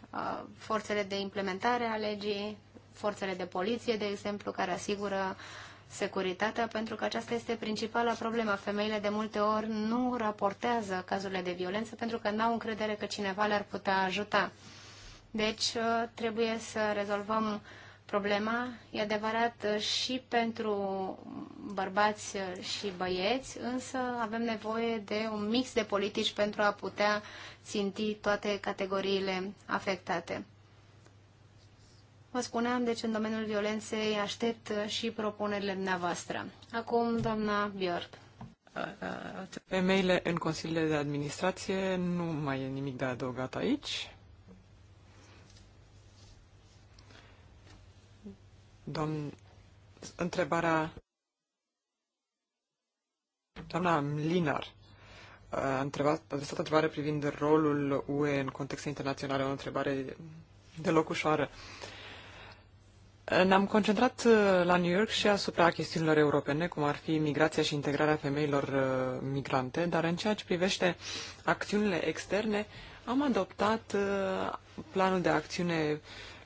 Speaker 2: forțele de implementare a legii, forțele de poliție, de exemplu, care asigură securitatea, pentru că aceasta este principala problemă. Femeile de multe ori nu raportează cazurile de violență pentru că n-au încredere că cineva le-ar putea ajuta. Deci uh, trebuie să rezolvăm problema, e adevărat, uh, și pentru bărbați uh, și băieți, însă avem nevoie de un mix de politici pentru a putea ținti toate categoriile afectate. Vă spuneam, deci, în domeniul violenței aștept uh, și propunerile dumneavoastră. Acum, doamna Björk.
Speaker 1: Femeile în consiliile de administrație nu mai e nimic de adăugat aici. Domn... Întrebarea... Doamna Linar a întrebat, a adresat o întrebare privind rolul UE în contexte internaționale, o întrebare deloc ușoară. Uh, ne-am concentrat uh, la New York și asupra chestiunilor europene, cum ar fi migrația și integrarea femeilor uh, migrante, dar în ceea ce privește acțiunile externe, am adoptat uh, planul de acțiune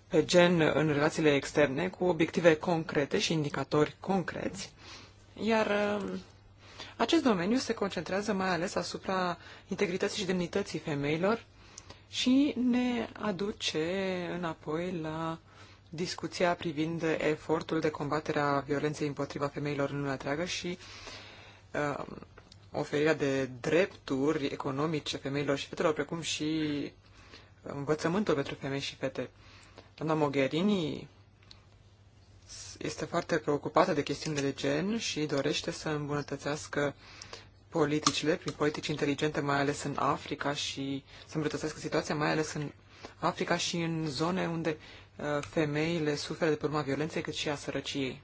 Speaker 1: pe gen în relațiile externe cu obiective concrete și indicatori concreți, iar acest domeniu se concentrează mai ales asupra integrității și demnității femeilor și ne aduce înapoi la discuția privind efortul de combatere a violenței împotriva femeilor în lumea întreagă și uh, oferirea de drepturi economice femeilor și fetelor, precum și învățământul pentru femei și fete. Doamna Mogherini este foarte preocupată de chestiunile de gen și dorește să îmbunătățească politicile, prin politici inteligente, mai ales în Africa și să îmbunătățească situația, mai ales în Africa și în zone unde Uh, femeile suferă de pe urma violenței, cât și a sărăciei.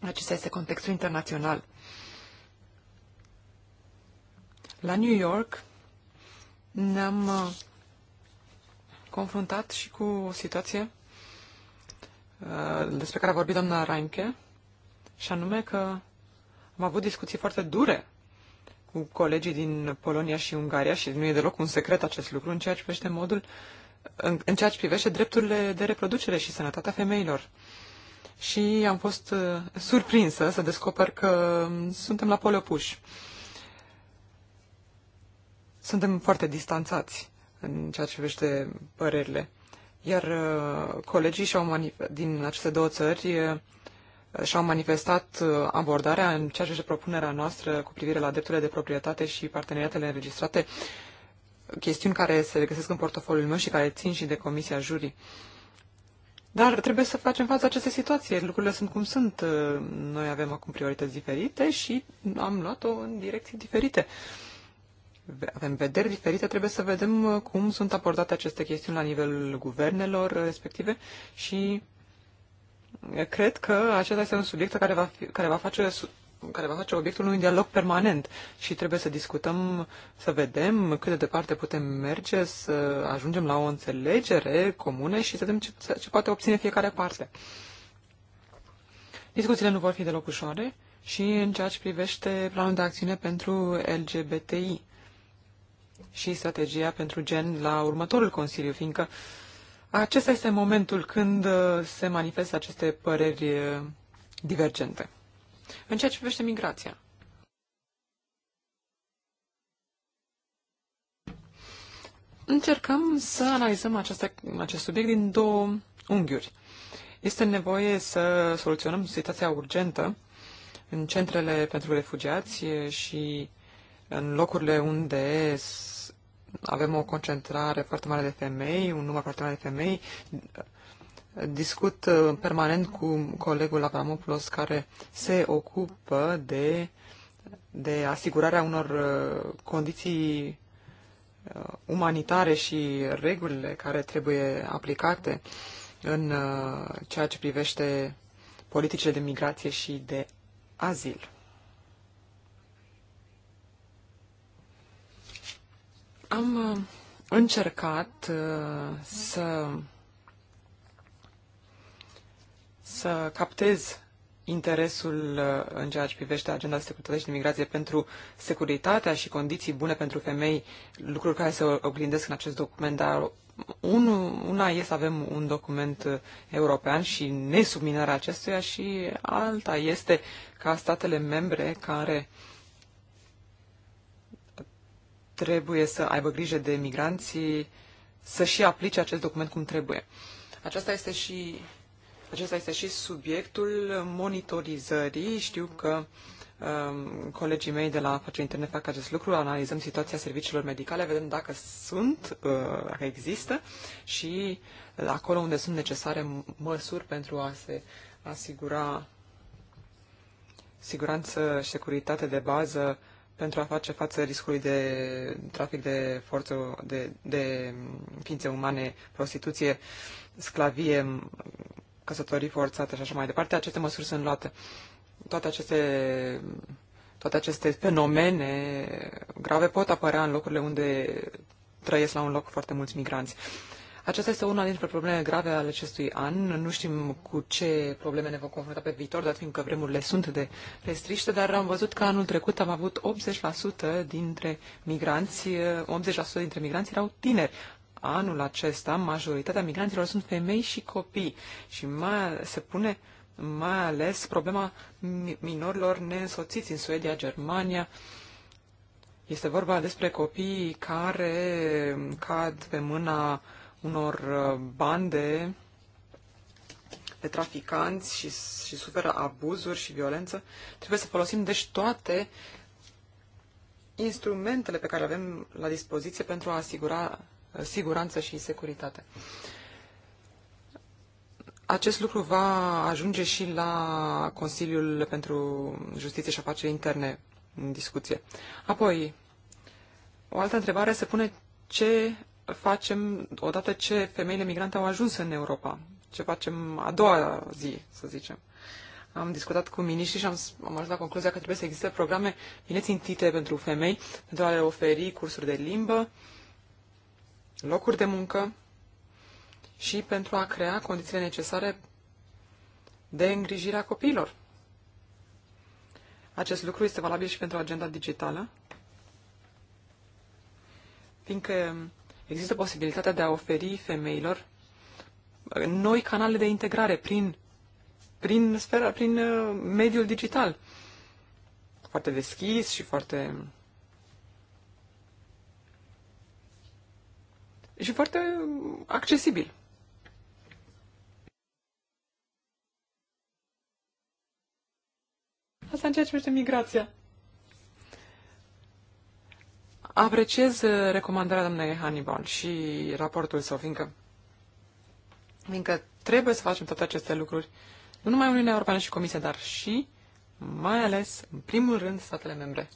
Speaker 1: Acesta este contextul internațional. La New York ne-am uh, confruntat și cu o situație uh, despre care a vorbit doamna Reinke, și anume că am avut discuții foarte dure cu colegii din Polonia și Ungaria și nu e deloc un secret acest lucru în ceea ce privește modul uh, în, în ceea ce privește drepturile de reproducere și sănătatea femeilor. Și am fost uh, surprinsă să descoper că um, suntem la pole opuși. Suntem foarte distanțați în ceea ce privește părerile. Iar uh, colegii și-au din aceste două țări uh, și-au manifestat abordarea în ceea ce este propunerea noastră cu privire la drepturile de proprietate și parteneriatele înregistrate chestiuni care se regăsesc în portofoliul meu și care țin și de comisia jurii. Dar trebuie să facem față acestei situații. Lucrurile sunt cum sunt. Noi avem acum priorități diferite și am luat-o în direcții diferite. Avem vederi diferite, trebuie să vedem uh, cum sunt abordate aceste chestiuni la nivelul guvernelor respective și cred că acesta este un subiect care va, fi, care va face care va face obiectul unui dialog permanent și trebuie să discutăm, să vedem cât de departe putem merge, să ajungem la o înțelegere comună și să vedem ce, ce poate obține fiecare parte. Discuțiile nu vor fi deloc ușoare și în ceea ce privește planul de acțiune pentru LGBTI și strategia pentru gen la următorul Consiliu, fiindcă acesta este momentul când uh, se manifestă aceste păreri uh, divergente. În ceea ce privește migrația. Încercăm să analizăm această, acest subiect din două unghiuri. Este nevoie să soluționăm situația urgentă în centrele pentru refugiați și în locurile unde avem o concentrare foarte mare de femei, un număr foarte mare de femei, discut uh, permanent cu colegul Avramopoulos care se ocupă de, de asigurarea unor uh, condiții uh, umanitare și regulile care trebuie aplicate în ceea ce privește politicile de migrație și de azil. Am încercat să să captez interesul uh, în ceea ce privește agenda de securitate și de migrație pentru securitatea și condiții bune pentru femei, lucruri care se oglindesc în acest document, dar una e să avem un document uh, european și nesubminarea acestuia și alta este ca statele membre care trebuie să aibă grijă de migranții să și aplice acest document cum trebuie. Aceasta este și acesta este și subiectul monitorizării. Știu că um, colegii mei de la Afaceri internet fac acest lucru, analizăm situația serviciilor medicale, vedem dacă sunt, uh, dacă există și acolo unde sunt necesare măsuri pentru a se asigura siguranță și securitate de bază pentru a face față riscului de trafic de forță, de, de ființe umane, prostituție, sclavie, căsătorii forțate și așa mai departe, aceste măsuri sunt luate. Toate aceste, toate aceste fenomene grave pot apărea în locurile unde trăiesc la un loc foarte mulți migranți. Aceasta este una dintre problemele grave ale acestui an. Nu știm cu ce probleme ne vom confrunta pe viitor, dat fiindcă vremurile sunt de restriște, dar am văzut că anul trecut am avut 80% dintre migranți, 80% dintre migranți erau tineri anul acesta, majoritatea migranților sunt femei și copii și mai se pune mai ales problema minorilor neînsoțiți în Suedia, Germania. Este vorba despre copii care cad pe mâna unor uh, bande de traficanți și, și suferă abuzuri și violență. Trebuie să folosim deci toate instrumentele pe care le avem la dispoziție pentru a asigura siguranță și securitate. Acest lucru va ajunge și la Consiliul pentru Justiție și Afaceri Interne în discuție. Apoi, o altă întrebare se pune ce facem odată ce femeile migrante au ajuns în Europa. Ce facem a doua zi, să zicem. Am discutat cu miniștri și am, am ajuns la concluzia că trebuie să existe programe bine țintite pentru femei, pentru a le oferi cursuri de limbă, uh, locuri de muncă și pentru a crea condițiile necesare de îngrijire a copiilor. Acest lucru este valabil și pentru agenda digitală, fiindcă există posibilitatea de a oferi femeilor noi canale de integrare prin, prin, sfera, prin uh, mediul digital. Foarte deschis și foarte și foarte accesibil. Asta în ceea ce privește migrația. Apreciez uh, recomandarea doamnei Hannibal și raportul său, fiindcă, fiindcă trebuie să facem toate aceste lucruri, nu numai Uniunea Europeană și Comisia, dar și, mai ales, în primul rând, statele membre.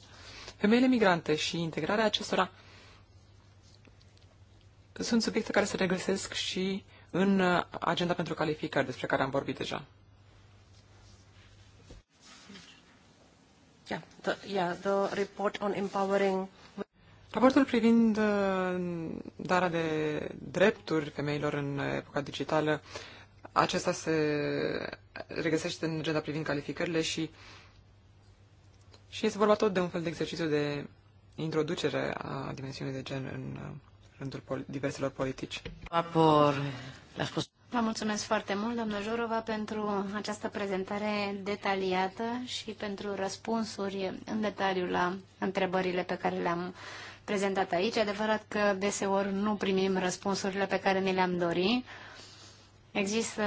Speaker 1: Femeile migrante și integrarea acestora sunt subiecte care se regăsesc și în uh, agenda pentru calificări, despre care am vorbit deja.
Speaker 2: Yeah, the, yeah, the report on empowering
Speaker 1: Raportul privind uh, darea de drepturi femeilor în epoca digitală, acesta se regăsește în agenda privind calificările și, și este vorba tot de un fel de exercițiu de introducere a dimensiunii de gen în uh, rândul pol- diverselor politici. Apor.
Speaker 2: Vă mulțumesc foarte mult, doamnă Jorova, pentru această prezentare detaliată și pentru răspunsuri în detaliu la întrebările pe care le-am prezentat aici. Adevărat că deseori nu primim răspunsurile pe care ni le-am dorit. Există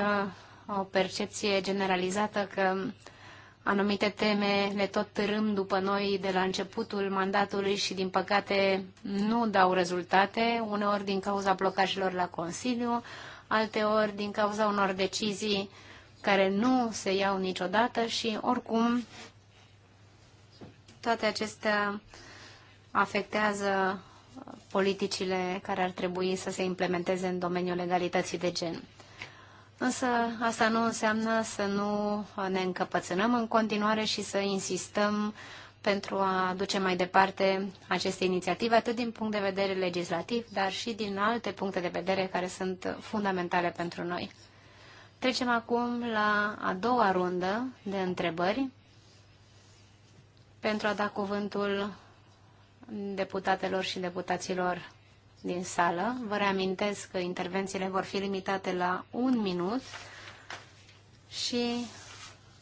Speaker 2: o percepție generalizată că Anumite teme le tot târâm după noi de la începutul mandatului și, din păcate, nu dau rezultate, uneori din cauza blocajelor la Consiliu, alteori din cauza unor decizii care nu se iau niciodată și, oricum, toate acestea afectează politicile care ar trebui să se implementeze în domeniul legalității de gen. Însă asta nu înseamnă să nu ne încăpățânăm în continuare și să insistăm pentru a duce mai departe aceste inițiative, atât din punct de vedere legislativ, dar și din alte puncte de vedere care sunt fundamentale pentru noi. Trecem acum la a doua rundă de întrebări pentru a da cuvântul deputatelor și deputaților din sală. Vă reamintesc că intervențiile vor fi limitate la un minut și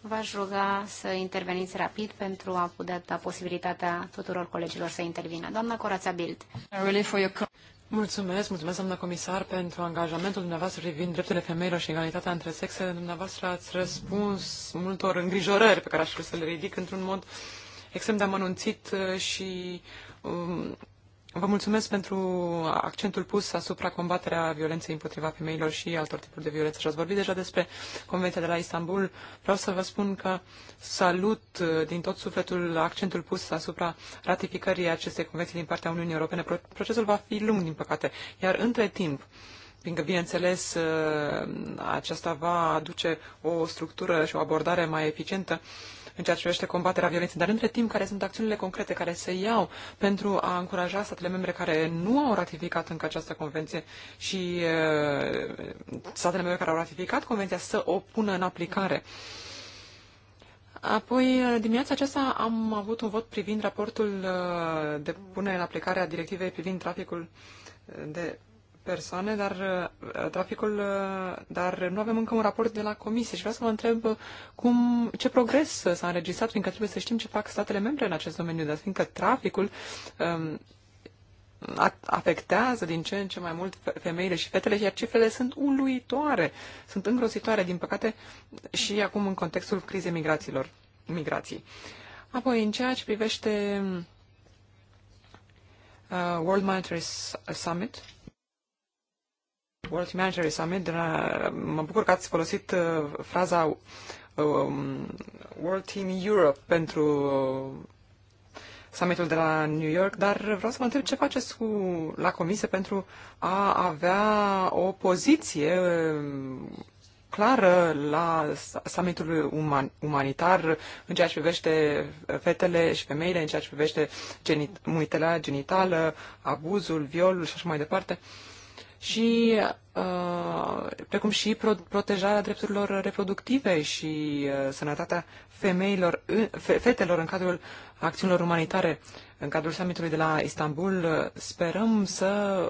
Speaker 2: v-aș ruga să interveniți rapid pentru a putea da posibilitatea tuturor colegilor să intervină. Doamna Corața Bild.
Speaker 1: Mulțumesc, mulțumesc, doamna comisar, pentru angajamentul dumneavoastră privind drepturile femeilor și egalitatea între sexe. Dumneavoastră ați răspuns multor îngrijorări pe care aș vrea să le ridic într-un mod extrem de amănunțit uh, și um, Vă mulțumesc pentru accentul pus asupra combaterea violenței împotriva femeilor și altor tipuri de violență. Și ați vorbit deja despre Convenția de la Istanbul. Vreau să vă spun că salut din tot sufletul accentul pus asupra ratificării acestei convenții din partea Uniunii Europene. Procesul va fi lung, din păcate, iar între timp, fiindcă, bineînțeles, aceasta va aduce o structură și o abordare mai eficientă, în ceea ce privește combaterea violenței, dar între timp care sunt acțiunile concrete care se iau pentru a încuraja statele membre care nu au ratificat încă această convenție și uh, statele membre care au ratificat convenția să o pună în aplicare. Apoi, eh, dimineața aceasta am avut un vot privind raportul eh, de punere în aplicare a directivei privind traficul de persoane, dar uh, traficul, uh, dar nu avem încă un raport de la comisie și vreau să vă întreb uh, cum, ce progres s-a înregistrat, fiindcă trebuie să știm ce fac statele membre în acest domeniu, dar fiindcă traficul um, afectează din ce în ce mai mult femeile și fetele, iar cifrele sunt uluitoare, sunt îngrozitoare, din păcate, și acum în contextul crizei migrațiilor, migrații. Apoi, în ceea ce privește uh, World Monetary Summit, World Manager Summit, de la, mă bucur că ați folosit uh, fraza uh, um, World Team Europe pentru uh, summitul de la New York, dar vreau să vă întreb ce faceți cu, la comisie pentru a avea o poziție clară la summitul uman, umanitar în ceea ce privește fetele și femeile, în ceea ce privește genit, muitelea genitală, abuzul, violul și așa mai departe. Uh, și uh, precum și pro- protejarea drepturilor reproductive și uh, sănătatea femeilor, fe- fetelor în cadrul acțiunilor umanitare. În cadrul summitului de la Istanbul uh, sperăm să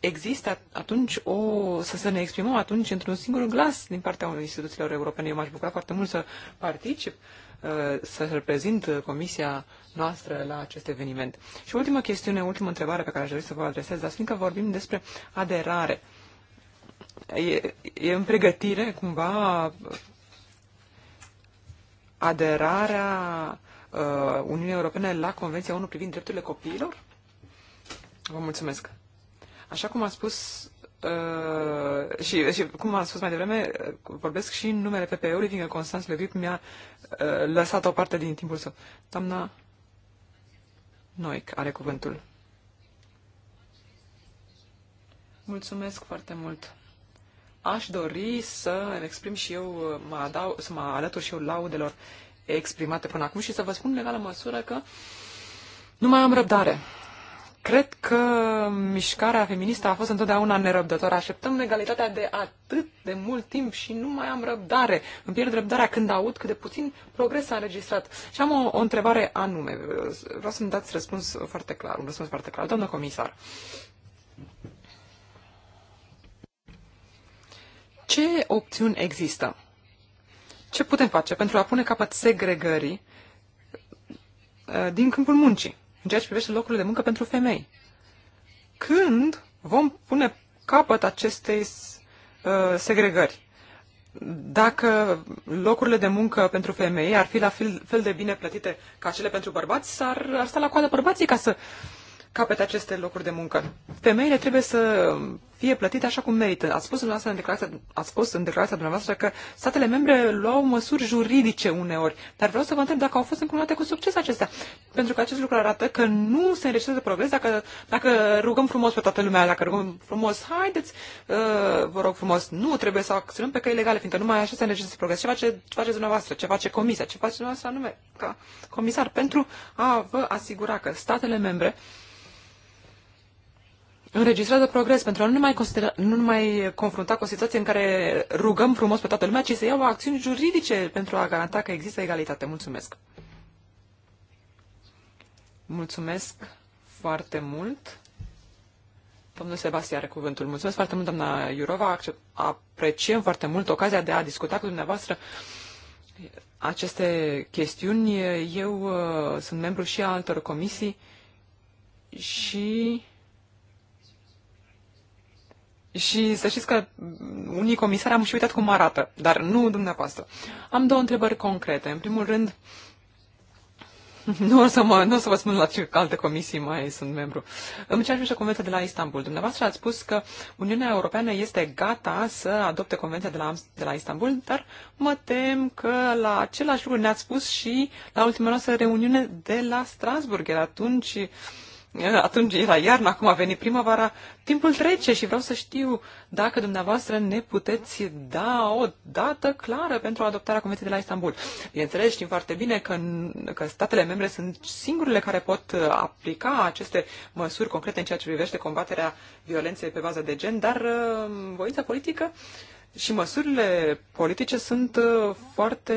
Speaker 1: existe atunci o, să, să ne exprimăm atunci într-un singur glas din partea unor instituțiilor europene. Eu m-aș bucura foarte mult să particip uh, Uh, să reprezint comisia noastră la acest eveniment. Și ultima chestiune, ultima întrebare pe care aș dori să vă adresez, dar fiindcă vorbim despre aderare, e, e în pregătire cumva aderarea uh, Uniunii Europene la Convenția 1 privind drepturile copiilor? Vă mulțumesc. Așa cum a spus Uh, și, și, cum am spus mai devreme, uh, vorbesc și în numele PPE-ului, fiindcă Constanț Levit mi-a uh, lăsat o parte din timpul său. Doamna Noic are cuvântul. Mulțumesc foarte mult. Aș dori să exprim și eu, uh, mă adau, să mă alătur și eu laudelor exprimate până acum și să vă spun în egală măsură că nu mai am răbdare Cred că mișcarea feministă a fost întotdeauna nerăbdătoare. Așteptăm egalitatea de atât de mult timp și nu mai am răbdare. Îmi pierd răbdarea când aud cât de puțin progres s-a înregistrat. Și am o, o întrebare anume. Vreau să-mi dați răspuns foarte clar, un răspuns foarte clar. Doamnă comisar, ce opțiuni există? Ce putem face pentru a pune capăt segregării uh, din câmpul muncii? în ceea ce privește locurile de muncă pentru femei. Când vom pune capăt acestei uh, segregări? Dacă locurile de muncă pentru femei ar fi la fel, fel de bine plătite ca cele pentru bărbați, ar, ar sta la coadă bărbații ca să uh, capete aceste locuri de muncă. Femeile trebuie să fie plătite așa cum merită. Ați spus, în declarația, ați spus în declarația dumneavoastră că statele membre luau măsuri juridice uneori, dar vreau să vă întreb dacă au fost încununate cu succes acestea. Pentru că acest lucru arată că nu se înregistrează progres dacă, dacă rugăm frumos pe toată lumea, dacă rugăm frumos, haideți, uh, vă rog frumos, nu trebuie să acționăm pe căi legale, fiindcă numai așa se înregistrează progres. Ce, face, ce faceți dumneavoastră? Ce face comisia? Ce face dumneavoastră anume ca comisar? Pentru a vă asigura că statele membre uh, înregistrează progres pentru a nu mai, considera, nu mai confrunta cu o situație în care rugăm frumos pe toată lumea, ci să iau acțiuni juridice pentru a garanta că există egalitate. Mulțumesc! Mulțumesc foarte mult! Domnul Sebastian are cuvântul. Mulțumesc foarte mult, doamna Iurova. Apreciem foarte mult ocazia de a discuta cu dumneavoastră aceste chestiuni. Eu uh, sunt membru și a altor comisii și și să știți că unii comisari am și uitat cum arată, dar nu dumneavoastră. Am două întrebări concrete. În primul rând, nu o să, mă, nu o să vă spun la ce alte comisii mai sunt membru. În ceea ce privește Convenția de la Istanbul, dumneavoastră ați spus că Uniunea Europeană este gata să adopte Convenția de la, de la Istanbul, dar mă tem că la același lucru ne-ați spus și la ultima noastră reuniune de la Strasburg. Era atunci uh, atunci era iarna, acum a venit primăvara, timpul trece și vreau să știu dacă dumneavoastră ne puteți da o dată clară pentru adoptarea Convenției de la Istanbul. Bineînțeles, știm foarte bine că, că statele membre sunt singurele care pot uh, aplica aceste măsuri concrete în ceea ce privește combaterea violenței pe bază de gen, dar uh, voința politică uh, și măsurile politice sunt uh, foarte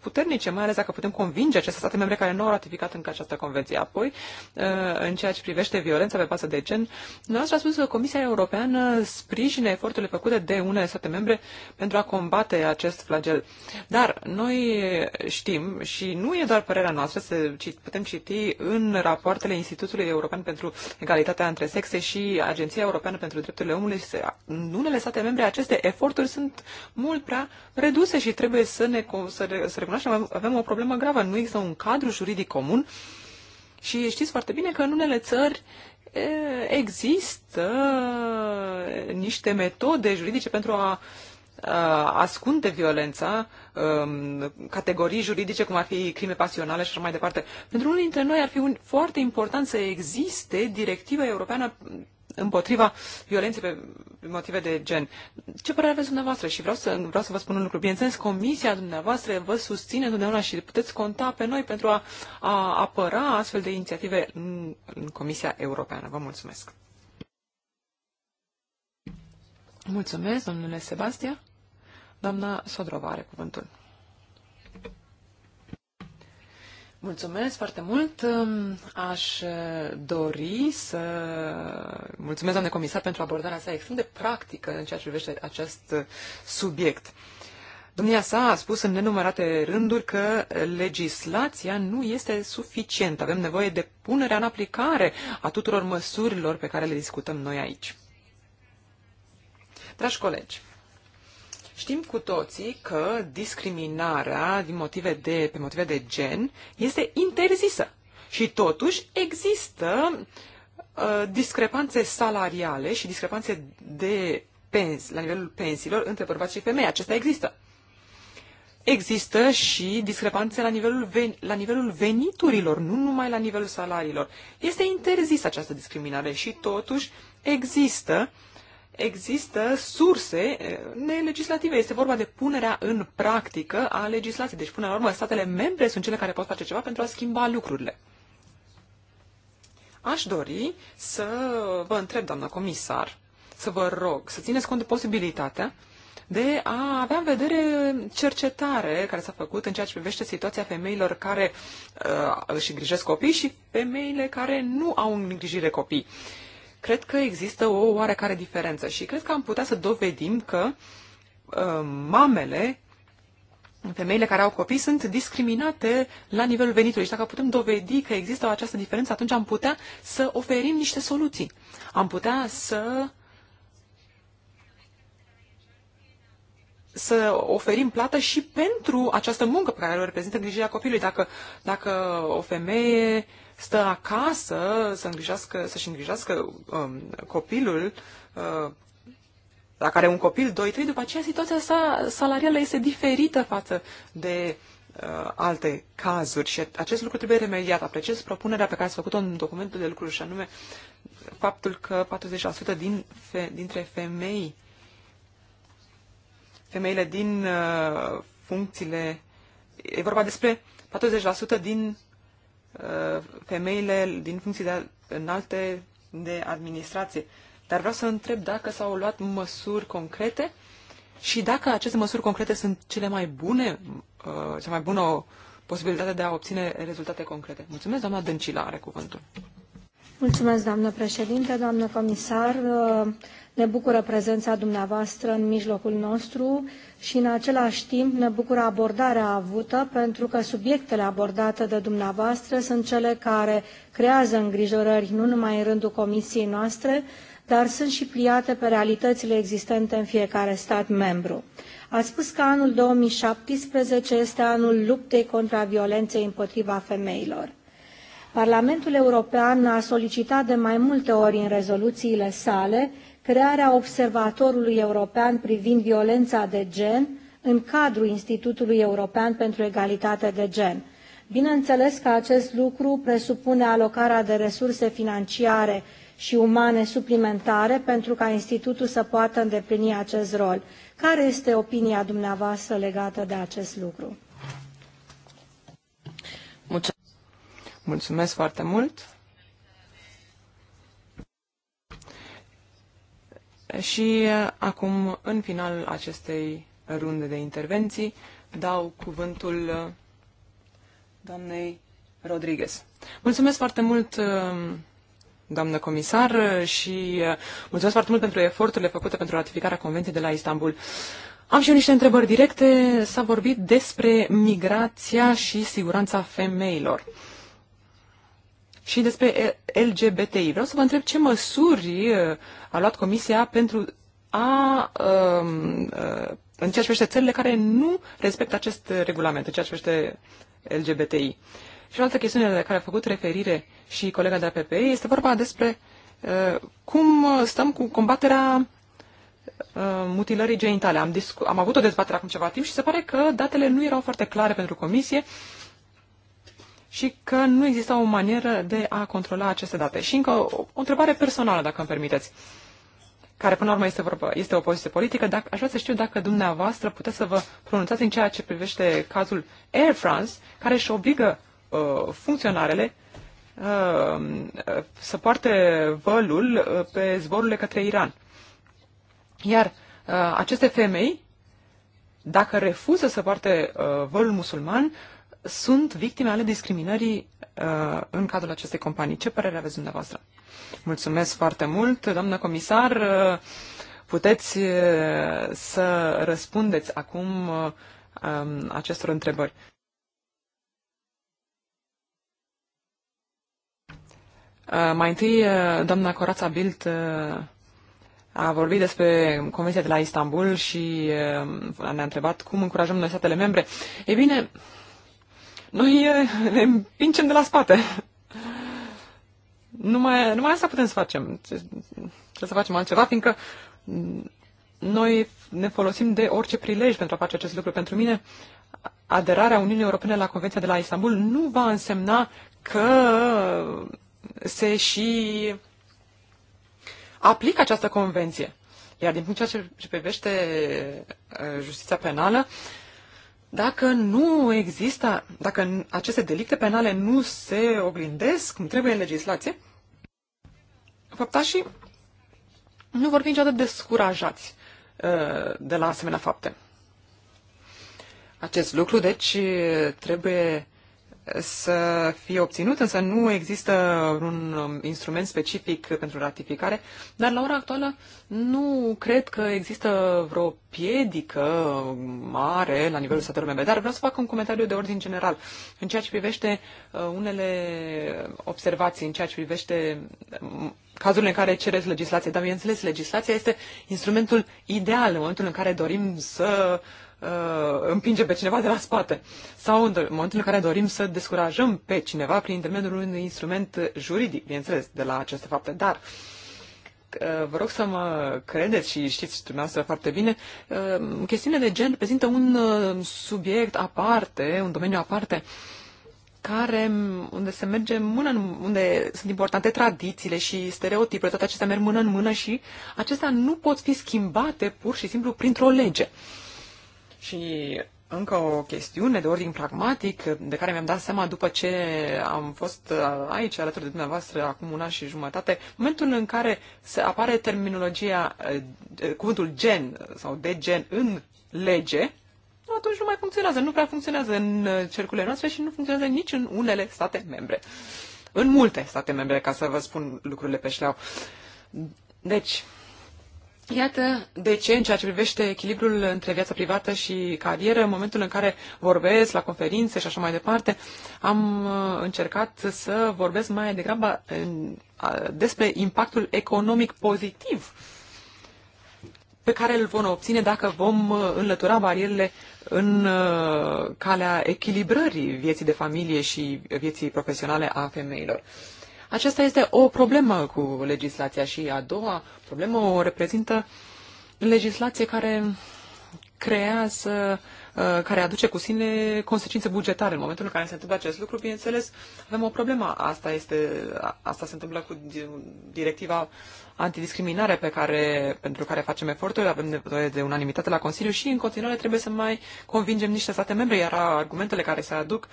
Speaker 1: puternice, mai ales dacă putem convinge aceste state membre care nu au ratificat încă această convenție. Apoi, uh, în ceea ce privește violența pe bază de gen, noastră a spus că Comisia Europeană sprijine eforturile făcute de unele state membre pentru a combate acest flagel. Dar noi știm, și nu e doar părerea noastră, să putem citi în rapoartele Institutului European pentru Egalitatea între Sexe și Agenția Europeană pentru Drepturile Omului, în unele state membre aceste eforturi drepturi sunt mult prea reduse și trebuie să ne să, să recunoaștem avem o problemă gravă. Nu există un cadru juridic comun și știți foarte bine că în unele țări există niște metode juridice pentru a ascunde violența, um, categorii juridice cum ar fi crime pasionale și așa mai departe. Pentru unul dintre noi ar fi un, foarte important să existe directiva europeană împotriva violenței pe motive de gen. Ce părere aveți dumneavoastră? Și vreau să, vreau să vă spun un lucru. Bineînțeles, comisia dumneavoastră vă susține dumneavoastră și puteți conta pe noi pentru a, a apăra astfel de inițiative în, în Comisia Europeană. Vă mulțumesc! Mulțumesc, domnule Sebastia. Doamna Sodrova are cuvântul. Mulțumesc foarte mult. Aș dori să mulțumesc, doamne comisar, pentru abordarea sa extrem de practică în ceea ce privește acest subiect. Domnia sa a spus în nenumărate rânduri că legislația nu este suficientă. Avem nevoie de punerea în aplicare a tuturor măsurilor pe care le discutăm noi aici. Dragi colegi, Știm cu toții că discriminarea din motive de, pe motive de gen este interzisă. Și totuși există uh, discrepanțe salariale și discrepanțe de pens, la nivelul pensiilor între bărbați și femei. Acesta există. Există și discrepanțe la nivelul, ven, la nivelul veniturilor, nu numai la nivelul salariilor. Este interzisă această discriminare și totuși există există surse eh, nelegislative. Este vorba de punerea în practică a legislației. Deci, până la urmă, statele membre sunt cele care pot face ceva pentru a schimba lucrurile. Aș dori să vă întreb, doamnă comisar, să vă rog să țineți cont de posibilitatea de a avea în vedere cercetare care s-a făcut în ceea ce privește situația femeilor care uh, își îngrijesc copii și femeile care nu au îngrijire copii. Uh, cred că există o oarecare diferență și cred că am putea să dovedim că uh, mamele femeile care au copii sunt discriminate la nivelul venitului. Și dacă putem dovedi că există această diferență, atunci am putea să oferim niște soluții. Am putea să să oferim plată și pentru această muncă pe care o reprezintă grijirea copilului. Dacă, dacă o femeie uh, stă acasă să îngrijească, să-și îngrijească um, copilul, uh, la care un copil 2-3, după aceea situația sa salarială este diferită față de uh, alte cazuri și acest lucru trebuie remediat. Apreciez propunerea pe care ați făcut-o în documentul de lucru și anume faptul că 40% din fe, dintre femei, femeile din uh, funcțiile, e vorba despre 40% din Uh, femeile din funcții de înalte de administrație. Dar vreau să întreb dacă s-au luat măsuri concrete și dacă aceste măsuri concrete sunt cele mai bune, uh, cea mai bună posibilitate de a obține rezultate concrete. Mulțumesc, doamna Dăncilă are cuvântul.
Speaker 4: Mulțumesc, doamnă președinte, doamnă comisar. Uh, ne bucură prezența dumneavoastră în mijlocul nostru și în același timp ne bucură abordarea avută pentru că subiectele abordate de dumneavoastră sunt cele care creează îngrijorări nu numai în rândul comisiei noastre, dar sunt și pliate pe realitățile existente în fiecare stat membru. Ați spus că anul 2017 este anul luptei contra violenței împotriva femeilor. Parlamentul European a solicitat de mai multe ori în rezoluțiile sale crearea Observatorului European privind violența de gen în cadrul Institutului European pentru Egalitate de Gen. Bineînțeles că acest lucru presupune alocarea de resurse financiare și umane suplimentare pentru ca institutul să poată îndeplini acest rol. Care este opinia dumneavoastră legată de acest lucru?
Speaker 1: Mulțumesc foarte mult! Și uh, acum, în final acestei runde de intervenții, dau cuvântul uh, doamnei Rodriguez. Mulțumesc foarte mult, uh, doamnă comisar, și mulțumesc foarte mult pentru eforturile făcute pentru ratificarea Convenției de la Istanbul. Am și eu niște întrebări directe. S-a vorbit despre migrația și siguranța femeilor și despre LGBTI. Vreau să vă întreb ce măsuri uh, a luat Comisia pentru a, um, uh, în ceea ce privește țările care nu respectă acest regulament, în ceea ce privește LGBTI. Și o altă chestiune la care a făcut referire și colega de APP este vorba despre uh, cum stăm cu combaterea mutilării genitale. Am, discu- am avut o dezbatere acum ceva timp și se pare că datele nu erau foarte clare pentru comisie și că nu există o manieră de a controla aceste date. Și încă o, o întrebare personală, dacă îmi permiteți, care până la urmă este, vorba, este o poziție politică. Dacă, aș vrea să știu dacă dumneavoastră puteți să vă pronunțați în ceea ce privește cazul Air France, care își obligă uh, funcționarele uh, să poarte vălul uh, pe zborurile către Iran. Iar uh, aceste femei, dacă refuză să poarte uh, vălul musulman, uh, sunt victime ale discriminării uh, în cadrul acestei companii. Ce părere aveți dumneavoastră? Mulțumesc foarte mult, doamnă comisar. Uh, puteți uh, să răspundeți acum uh, um, acestor întrebări. Uh, mai întâi, uh, doamna Corața Bilt uh, a vorbit despre Convenția de la Istanbul și uh, ne-a întrebat cum încurajăm noi statele membre. E bine, noi ne împingem de la spate. Numai, numai asta putem să facem. Ce să facem altceva, fiindcă noi ne folosim de orice prilej pentru a face acest lucru. Pentru mine, aderarea Uniunii Europene la Convenția de la Istanbul nu va însemna că se și aplică această convenție. Iar din punct ce privește uh, justiția penală, uh, dacă nu există, dacă aceste delicte penale nu se oglindesc cum trebuie în legislație, și nu vor fi niciodată descurajați uh, de la asemenea fapte. Acest lucru, deci, trebuie să fie obținut, însă nu există un um, instrument specific pentru ratificare, dar la ora actuală nu cred că există vreo piedică mare la nivelul statelor membre, dar vreau să fac un comentariu de ordin general în ceea ce privește uh, unele observații, în ceea ce privește cazurile în care cereți legislație, dar bineînțeles, legislația este instrumentul ideal în momentul în care dorim să uh, împinge pe cineva de la spate sau în momentul în care dorim să descurajăm pe cineva prin intermediul unui instrument juridic, bineînțeles, de la aceste fapte. Dar uh, vă rog să mă credeți și știți dumneavoastră foarte bine, uh, chestiunea de gen prezintă un uh, subiect aparte, un domeniu aparte care, unde se merge mână în, unde sunt importante tradițiile și stereotipurile, toate acestea merg mână în mână și acestea nu pot fi schimbate pur și simplu printr-o lege. Și încă o chestiune de ordin pragmatic, de care mi-am dat seama după ce am fost uh, aici alături de dumneavoastră acum un an și jumătate, momentul în care se apare terminologia, uh, uh, cuvântul gen sau de gen în lege, atunci nu mai funcționează. Nu prea funcționează în uh, cercurile noastre și nu funcționează nici în unele state membre. În multe state membre, ca să vă spun lucrurile pe șleau. Deci, Iată de ce, în ceea ce privește echilibrul între viața privată și carieră, în momentul în care vorbesc la conferințe și așa mai departe, am uh, încercat să vorbesc mai degrabă despre impactul economic pozitiv pe care îl vom obține dacă vom uh, înlătura barierele în uh, calea echilibrării vieții de familie și vieții profesionale a femeilor. Aceasta este o problemă cu legislația și a doua problemă o reprezintă legislație care creează, uh, care aduce cu sine consecințe bugetare. În momentul în care se întâmplă acest lucru, bineînțeles, avem o problemă. Asta, este, asta se întâmplă cu directiva antidiscriminare pe care, pentru care facem eforturi, avem nevoie de unanimitate la Consiliu și în continuare trebuie să mai convingem niște state membre, iar argumentele care se aduc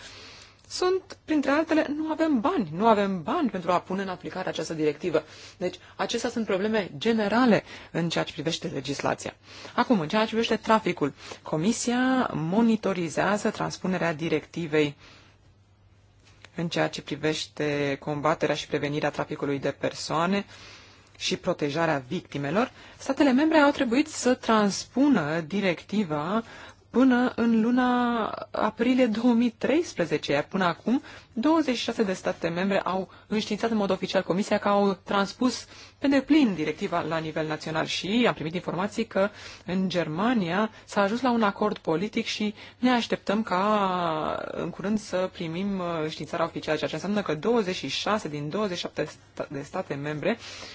Speaker 1: sunt, printre altele, nu avem bani, nu avem bani pentru a pune în aplicare această directivă. Deci, acestea sunt probleme generale în ceea ce privește legislația. Acum, în ceea ce privește traficul, Comisia monitorizează transpunerea directivei în ceea ce privește combaterea și prevenirea traficului de persoane, și protejarea victimelor, statele membre au trebuit să transpună directiva până în luna aprilie 2013, iar până acum 26 de state membre au înștiințat în mod oficial Comisia că au transpus pe deplin directiva la nivel național și am primit informații că în Germania s-a ajuns la un acord politic și ne așteptăm ca în curând să primim uh, înștiințarea oficială, ceea ce înseamnă că 26 din 27 de state membre uh,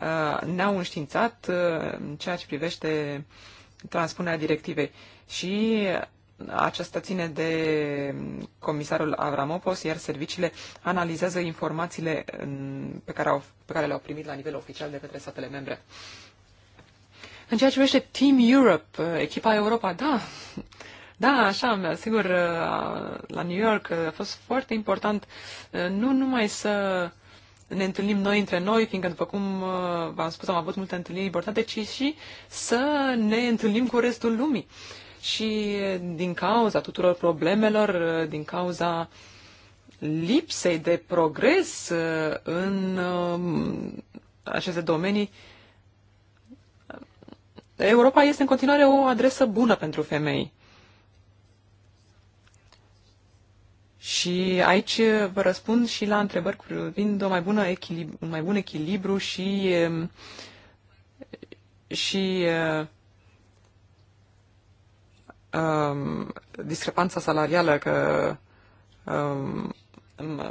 Speaker 1: Uh, ne-au înștiințat uh, în ceea ce privește transpunerea directivei. Și aceasta ține de comisarul Avramopoulos, iar serviciile analizează informațiile pe care, au, pe care le-au primit la nivel oficial de către statele membre. În ceea ce privește Team Europe, uh, echipa Europa, da, da, așa, sigur, la New York a fost foarte important nu numai să ne întâlnim noi între noi, fiindcă, după cum uh, v-am spus, am avut multe întâlniri importante, ci și să ne întâlnim cu restul lumii. Și din cauza tuturor problemelor, uh, din cauza lipsei de progres uh, în aceste domenii, Europa este în continuare o adresă bună pentru femei. Și aici vă răspund și la întrebări privind o mai bună echilibru, un mai bun echilibru și, um, și uh, um, discrepanța salarială, că um, um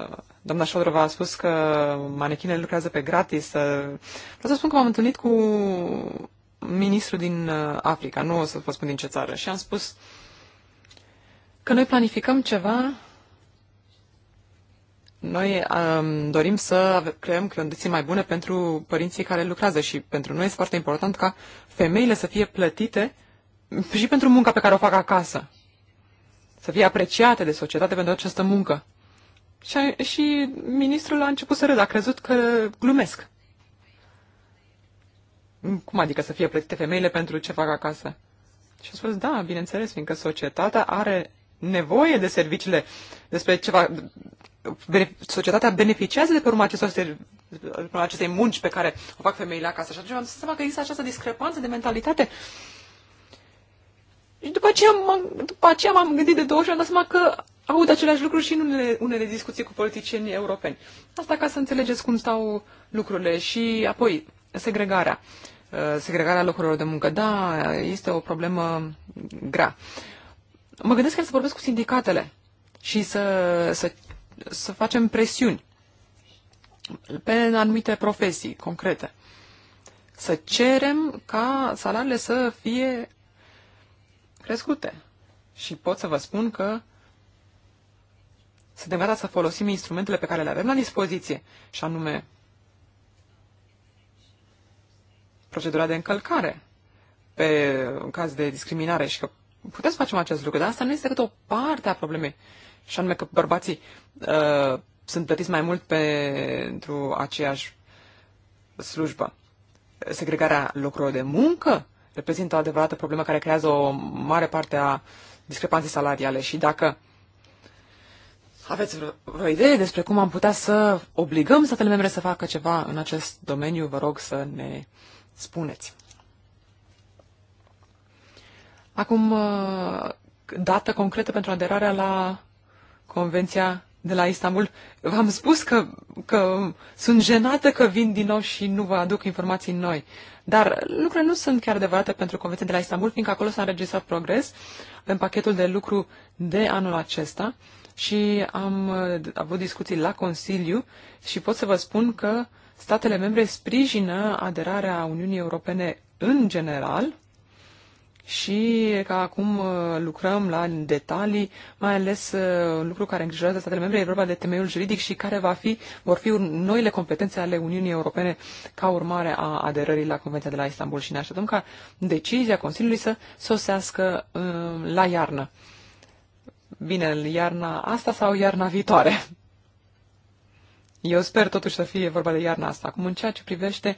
Speaker 1: doamna Șodrova a spus că manechinele lucrează pe gratis. Vreau să spun că m-am întâlnit cu ministrul din uh, Africa, nu o să vă spun din ce țară, și am spus că noi planificăm ceva noi um, dorim să creăm condiții mai bune pentru părinții care lucrează și pentru noi este foarte important ca femeile să fie plătite și pentru munca pe care o fac acasă. Să fie apreciate de societate pentru această muncă. Și, și ministrul a început să râdă, a crezut că glumesc. Cum adică să fie plătite femeile pentru ce fac acasă? Și a spus, da, bineînțeles, fiindcă societatea are nevoie de serviciile, despre ceva, societatea beneficiază de pe urma acestor de acestei munci pe care o fac femeile acasă. Și atunci am să seama că există această discrepanță de mentalitate. Și după aceea, m-am, după aceea m-am gândit de două ori și am dat seama că aud aceleași lucruri și în unele, unele discuții cu politicieni europeni. Asta ca să înțelegeți cum stau lucrurile și apoi segregarea. Uh, segregarea locurilor de muncă, da, este o problemă grea. Mă gândesc chiar să vorbesc cu sindicatele și să, să, să facem presiuni pe anumite profesii concrete. Să cerem ca salariile să fie crescute. Și pot să vă spun că suntem gata să folosim instrumentele pe care le avem la dispoziție, și anume procedura de încălcare pe în caz de discriminare și că Putem să facem acest lucru, dar asta nu este decât o parte a problemei. Și anume că bărbații uh, sunt plătiți mai mult pentru aceeași slujbă. Segregarea locurilor de muncă reprezintă o adevărată problemă care creează o mare parte a discrepanței salariale și dacă aveți vreo idee despre cum am putea să obligăm statele membre să facă ceva în acest domeniu, vă rog să ne spuneți. Acum, uh, dată concretă pentru aderarea la Convenția de la Istanbul. V-am spus că, că sunt jenată că vin din nou și nu vă aduc informații noi. Dar lucrurile nu sunt chiar adevărate pentru Convenția de la Istanbul, fiindcă acolo s-a înregistrat progres. în pachetul de lucru de anul acesta și am uh, avut discuții la Consiliu și pot să vă spun că statele membre sprijină aderarea Uniunii Europene în general și că acum uh, lucrăm la detalii, mai ales uh, un lucru care îngrijorează statele membre, e vorba de temeiul juridic și care va fi, vor fi noile competențe ale Uniunii Europene ca urmare a aderării la Convenția de la Istanbul și ne așteptăm ca decizia Consiliului să sosească uh, la iarnă. Bine, iarna asta sau iarna viitoare? Eu sper totuși să fie vorba de iarna asta. Acum, în ceea ce privește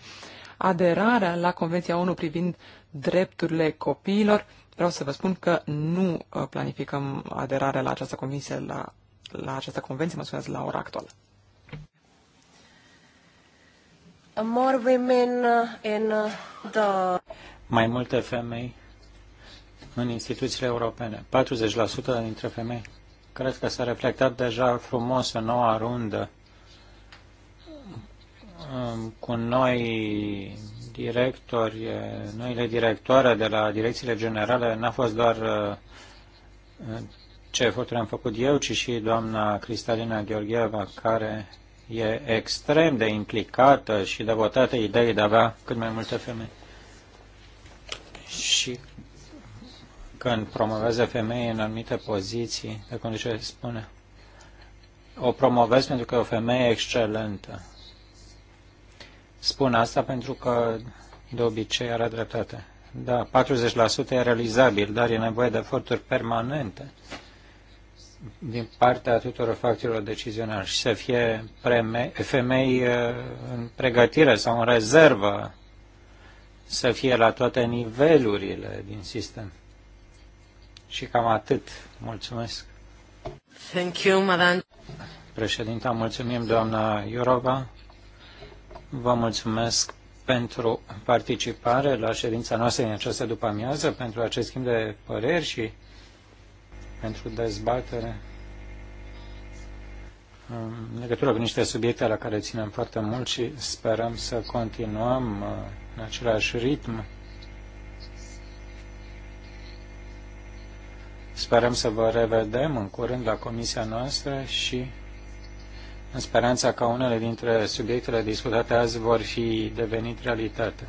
Speaker 1: aderarea la Convenția ONU privind drepturile copiilor. Vreau să vă spun că nu uh, planificăm aderarea la această comisie, la, la această convenție, mă spuneți, la ora actuală.
Speaker 4: More women uh, in uh, the...
Speaker 3: Mai multe femei în instituțiile europene. 40% dintre femei. Cred că s-a reflectat deja frumos în noua rundă um, cu noi directori, noile directoare de la direcțiile generale, n-a fost doar uh, ce eforturi am făcut eu, ci și doamna Cristalina Gheorgheva, care e extrem de implicată și devotată ideii de a avea cât mai multe femei. Și când promovează femei în anumite poziții de conducere, spune, o promovez pentru că e o femeie excelentă. Spun asta pentru că de obicei are dreptate. Da, 40% e realizabil, dar e nevoie de eforturi permanente din partea tuturor factorilor decizionale și să fie femei eh, în pregătire sau în rezervă, să fie la toate nivelurile din sistem. Și cam atât. Mulțumesc. Thank you, madam. Președinta, mulțumim, doamna Iorova. Vă mulțumesc pentru participare la ședința noastră din această după-amiază, pentru acest schimb de păreri și pentru dezbatere în legătură cu niște subiecte la care ținem foarte mult și sperăm să continuăm uh, în același ritm. Sperăm să vă revedem în curând la comisia noastră și în speranța că unele dintre subiectele discutate azi vor fi devenit realitate.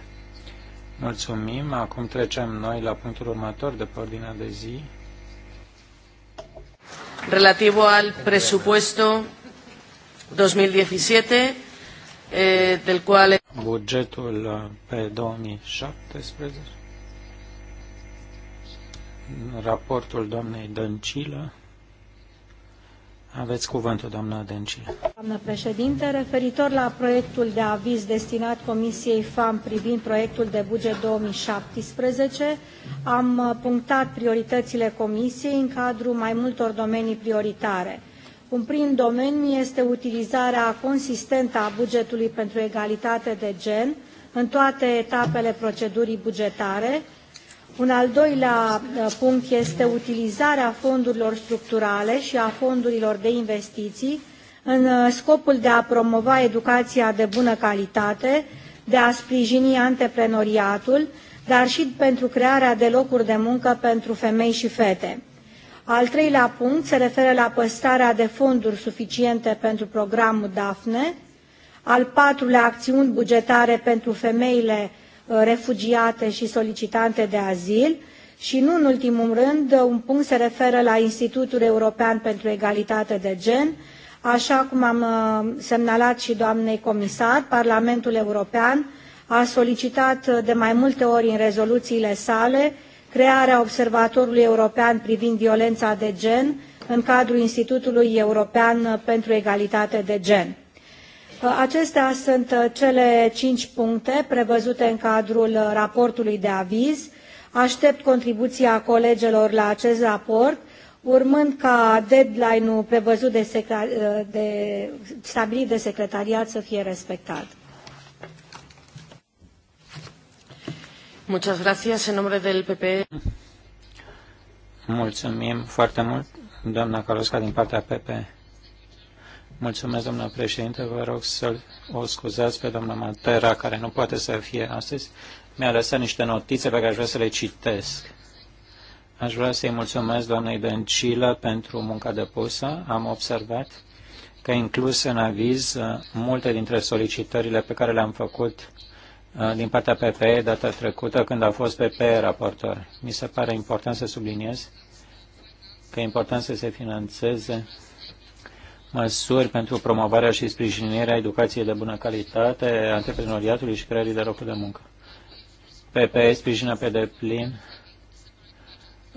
Speaker 3: Mulțumim. Acum trecem noi la punctul următor de pe ordinea de zi.
Speaker 4: Relativo al presupuesto 2017, eh, del cual...
Speaker 3: Bugetul eh, pe 2017, raportul doamnei Dăncilă, aveți cuvântul, doamna Dencil.
Speaker 4: Doamnă președinte, referitor la proiectul de aviz destinat Comisiei FAM privind proiectul de buget 2017, am uh, punctat prioritățile Comisiei în cadrul mai multor domenii prioritare. Un prim domeniu este utilizarea consistentă a bugetului pentru egalitate de gen în toate etapele procedurii bugetare, un al doilea uh, punct este utilizarea fondurilor structurale și a fondurilor de investiții în uh, scopul de a promova educația de bună calitate, de a sprijini antreprenoriatul, dar și pentru crearea de locuri de muncă pentru femei și fete. Al treilea punct se referă la păstrarea de fonduri suficiente pentru programul DAFNE, al patrulea acțiuni bugetare pentru femeile Uh, refugiate și solicitante de azil și nu în ultimul rând, uh, un punct se referă la Institutul European pentru Egalitate de Gen, Așa cum am uh, semnalat și doamnei comisar, Parlamentul European a solicitat de mai multe ori în rezoluțiile sale crearea Observatorului European privind violența de gen în cadrul Institutului European pentru Egalitate de Gen. Acestea sunt uh, cele cinci puncte prevăzute în cadrul uh, raportului de aviz. Aștept contribuția colegilor la acest raport, urmând ca deadline-ul prevăzut de, secre- uh, de stabilit de secretariat să fie respectat. Muchas gracias en nombre del PP.
Speaker 3: Mulțumim foarte mult, doamna Carosca, din partea PP. Mulțumesc, domnule președinte. Vă rog să o scuzați pe doamna Matera, care nu poate să fie astăzi. Mi-a lăsat niște notițe pe care aș vrea să le citesc. Aș vrea să-i mulțumesc doamnei Dăncilă pentru munca depusă. Am observat că inclus în aviz uh, multe dintre solicitările pe care le-am făcut uh, din partea PPE data trecută când a fost PPE raportor. Mi se pare important să subliniez că e important să se financeze măsuri pentru promovarea și sprijinirea educației de bună calitate, antreprenoriatului și creării de locuri de muncă. PPE sprijină pe deplin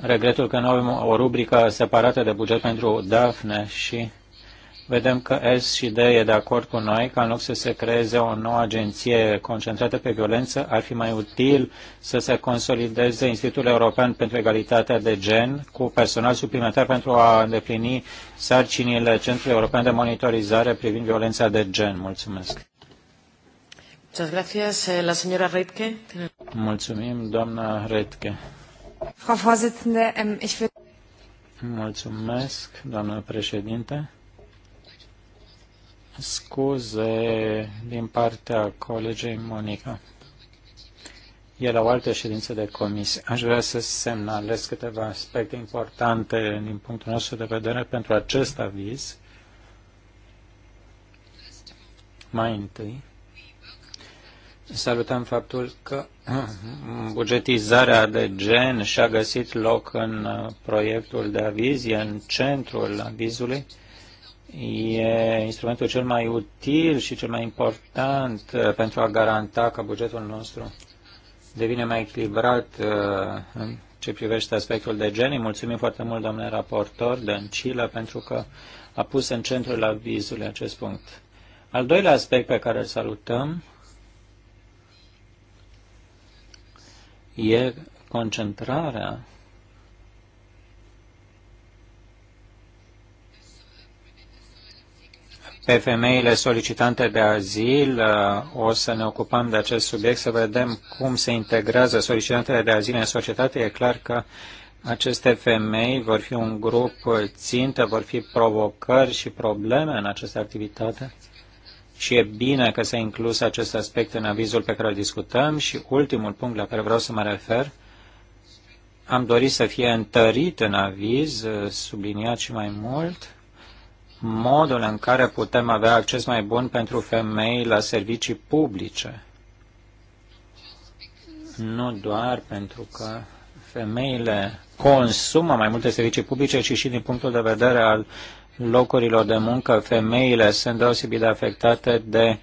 Speaker 3: regretul că nu avem o rubrică separată de buget pentru DAFNE și vedem că S și D e de acord cu noi că în loc să se creeze o nouă agenție concentrată pe violență, ar fi mai util să se consolideze Institutul European pentru Egalitatea de Gen cu personal suplimentar pentru a îndeplini sarcinile Centrului European de Monitorizare privind violența de gen. Mulțumesc. Eh, Mulțumim, doamna Redke.
Speaker 4: Frau Vorsitzende, ähm, ich will...
Speaker 3: Mulțumesc, doamna președinte scuze din partea colegei Monica. E la o altă ședință de comisie. Aș vrea să semnalez câteva aspecte importante din punctul nostru de vedere pentru acest aviz. Mai întâi, salutăm faptul că bugetizarea de gen și-a găsit loc în proiectul de aviz, e în centrul avizului e instrumentul cel mai util și cel mai important uh, pentru a garanta că bugetul nostru devine mai echilibrat uh, în ce privește aspectul de gen. Îi mulțumim foarte mult, domnule raportor, Dăncilă, pentru că a pus în centrul avizului acest punct. Al doilea aspect pe care îl salutăm e concentrarea pe femeile solicitante de azil. Uh, o să ne ocupăm de acest subiect, să vedem cum se integrează solicitantele de azil în societate. E clar că aceste femei vor fi un grup țintă, vor fi provocări și probleme în această activitate. Și e bine că s-a inclus acest aspect în avizul pe care îl discutăm și ultimul punct la care vreau să mă refer, am dorit să fie întărit în aviz, uh, subliniat și mai mult, modul în care putem avea acces mai bun pentru femei la servicii publice. Nu doar pentru că femeile consumă mai multe servicii publice, ci și din punctul de vedere al locurilor de muncă, femeile sunt deosebit de afectate de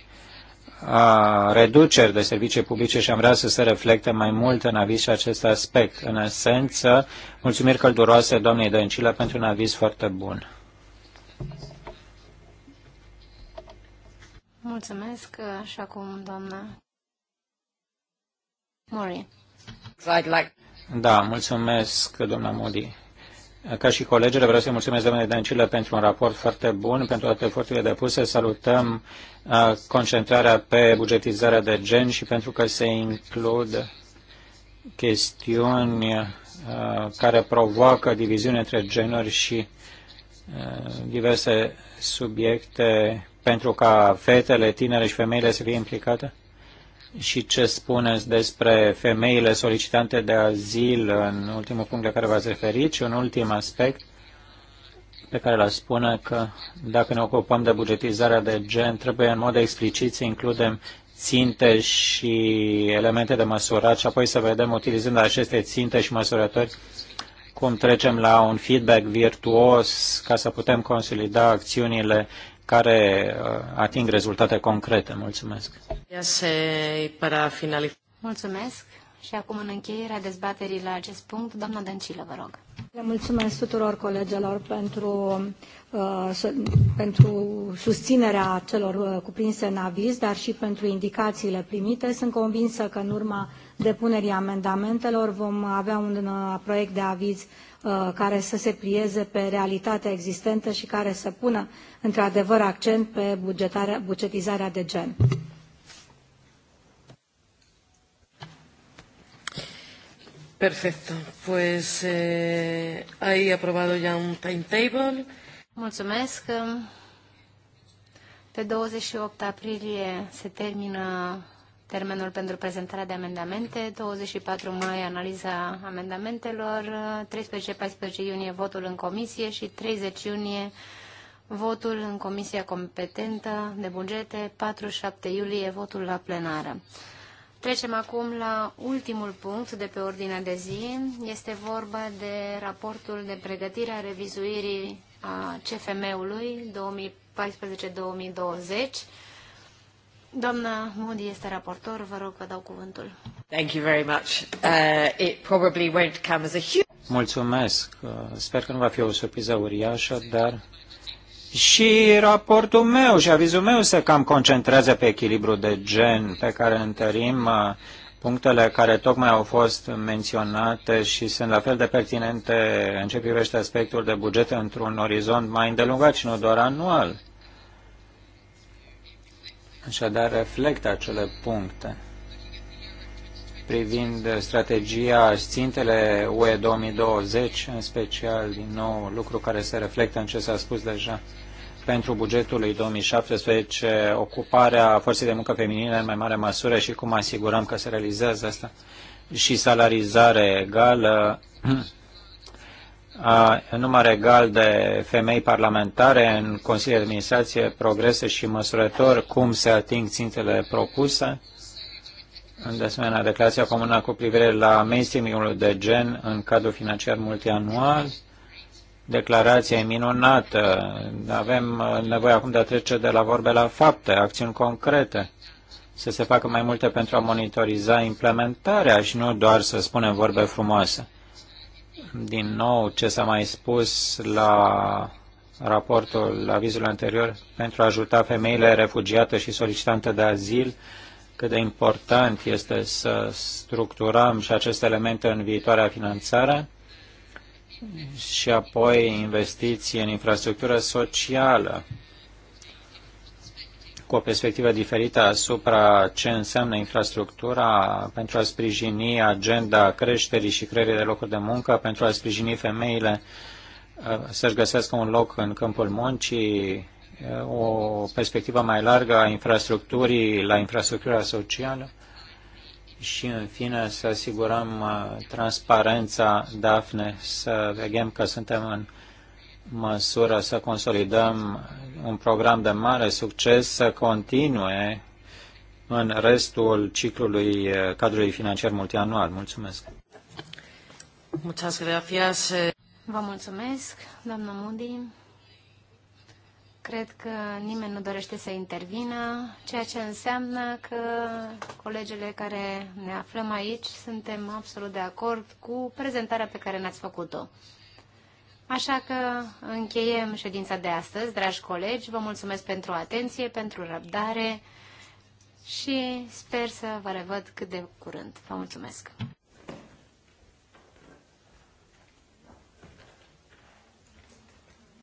Speaker 3: a, reduceri de servicii publice și am vrea să se reflecte mai mult în aviz și acest aspect. În esență, mulțumiri călduroase doamnei Dăncilă pentru un aviz foarte bun.
Speaker 2: Mulțumesc așa acum, doamna Mori.
Speaker 3: Da, mulțumesc, doamna Modi. Ca și colegele, vreau să-i mulțumesc domnului Dancilă, pentru un raport foarte bun, pentru toate eforturile depuse. Salutăm concentrarea pe bugetizarea de gen și pentru că se includ chestiuni care provoacă diviziune între genuri și Uh, diverse subiecte pentru ca fetele, tinere și femeile să fie implicate? Și ce spuneți despre femeile solicitante de azil în ultimul punct la care v-ați referit și un ultim aspect pe care l ați spune că dacă ne ocupăm de bugetizarea de gen, trebuie în mod explicit să includem ținte și elemente de măsurat și apoi să vedem, utilizând aceste ținte și măsurători, cum trecem la un feedback virtuos ca să putem consolida acțiunile care uh, ating rezultate concrete. Mulțumesc.
Speaker 2: Mulțumesc. Și acum în încheierea
Speaker 4: dezbaterii la acest punct, doamna Dăncilă, vă rog. Le mulțumesc tuturor colegilor pentru, uh, pentru susținerea celor uh, cuprinse în aviz, dar și pentru indicațiile primite. Sunt convinsă că în urma depunerii amendamentelor. Vom avea un uh, proiect de aviz uh, care să se plieze pe realitatea existentă și care să pună într-adevăr accent pe bugetizarea de gen.
Speaker 1: Perfecto. Pues eh, hay aprobado ya un timetable.
Speaker 2: Mulțumesc. Pe 28 aprilie se termină termenul pentru prezentarea de amendamente, 24 mai analiza amendamentelor, 13-14 iunie votul în comisie și 30 iunie votul în comisia competentă de bugete, 4-7 iulie votul la plenară. Trecem acum la ultimul punct de pe ordinea de zi. Este vorba de raportul de pregătire a revizuirii a CFM-ului 2014-2020 Doamna Moody este raportor, vă rog, că dau cuvântul.
Speaker 3: Thank
Speaker 1: you very much. Uh,
Speaker 3: it probably won't come as a huge... Mulțumesc. Uh, sper că nu va fi o surpriză uriașă, dar și raportul meu și avizul meu se cam concentrează pe echilibru de gen pe care întărim uh, punctele care tocmai au fost menționate și sunt la fel de pertinente în ce privește aspectul de buget într-un orizont mai îndelungat și nu doar anual. Așadar, reflectă acele puncte privind strategia și țintele UE 2020, în special, din nou, lucru care se reflectă în ce s-a spus deja pentru bugetul lui 2017, ocuparea forței de muncă feminine în mai mare măsură și cum asigurăm că se realizează asta, și salarizare egală, a număr egal de femei parlamentare în Consiliul de Administrație, progrese și măsurători, cum se ating țintele propuse. De asemenea, declarația comună cu privire la mainstreamingul de gen în cadrul financiar multianual. Declarația e minunată. Avem uh, nevoie acum de a trece de la vorbe la fapte, acțiuni concrete. Să se facă mai multe pentru a monitoriza implementarea și nu doar să spunem vorbe frumoase din nou ce s-a mai spus la raportul, la avizul anterior, pentru a ajuta femeile refugiate și solicitante de azil, cât de important este să structurăm și aceste elemente în viitoarea finanțare și apoi investiții în infrastructură socială cu o perspectivă diferită asupra ce înseamnă infrastructura pentru a sprijini agenda creșterii și creării de locuri de muncă, pentru a sprijini femeile uh, să-și găsească un loc în câmpul muncii, uh, o perspectivă mai largă a infrastructurii la infrastructura socială și, în fine, să asigurăm uh, transparența, Dafne, să vedem că suntem în măsură să consolidăm un program de mare succes să continue în restul ciclului eh, cadrului financiar multianual. Mulțumesc! Eh.
Speaker 2: Vă mulțumesc, doamnă Moody. Cred că nimeni nu dorește să intervină, ceea ce înseamnă că colegele care ne aflăm aici suntem absolut de acord cu prezentarea pe care ne-ați făcut-o. Așa că încheiem ședința de astăzi, dragi colegi. Vă mulțumesc pentru atenție, pentru răbdare și sper să vă revăd cât de curând. Vă mulțumesc!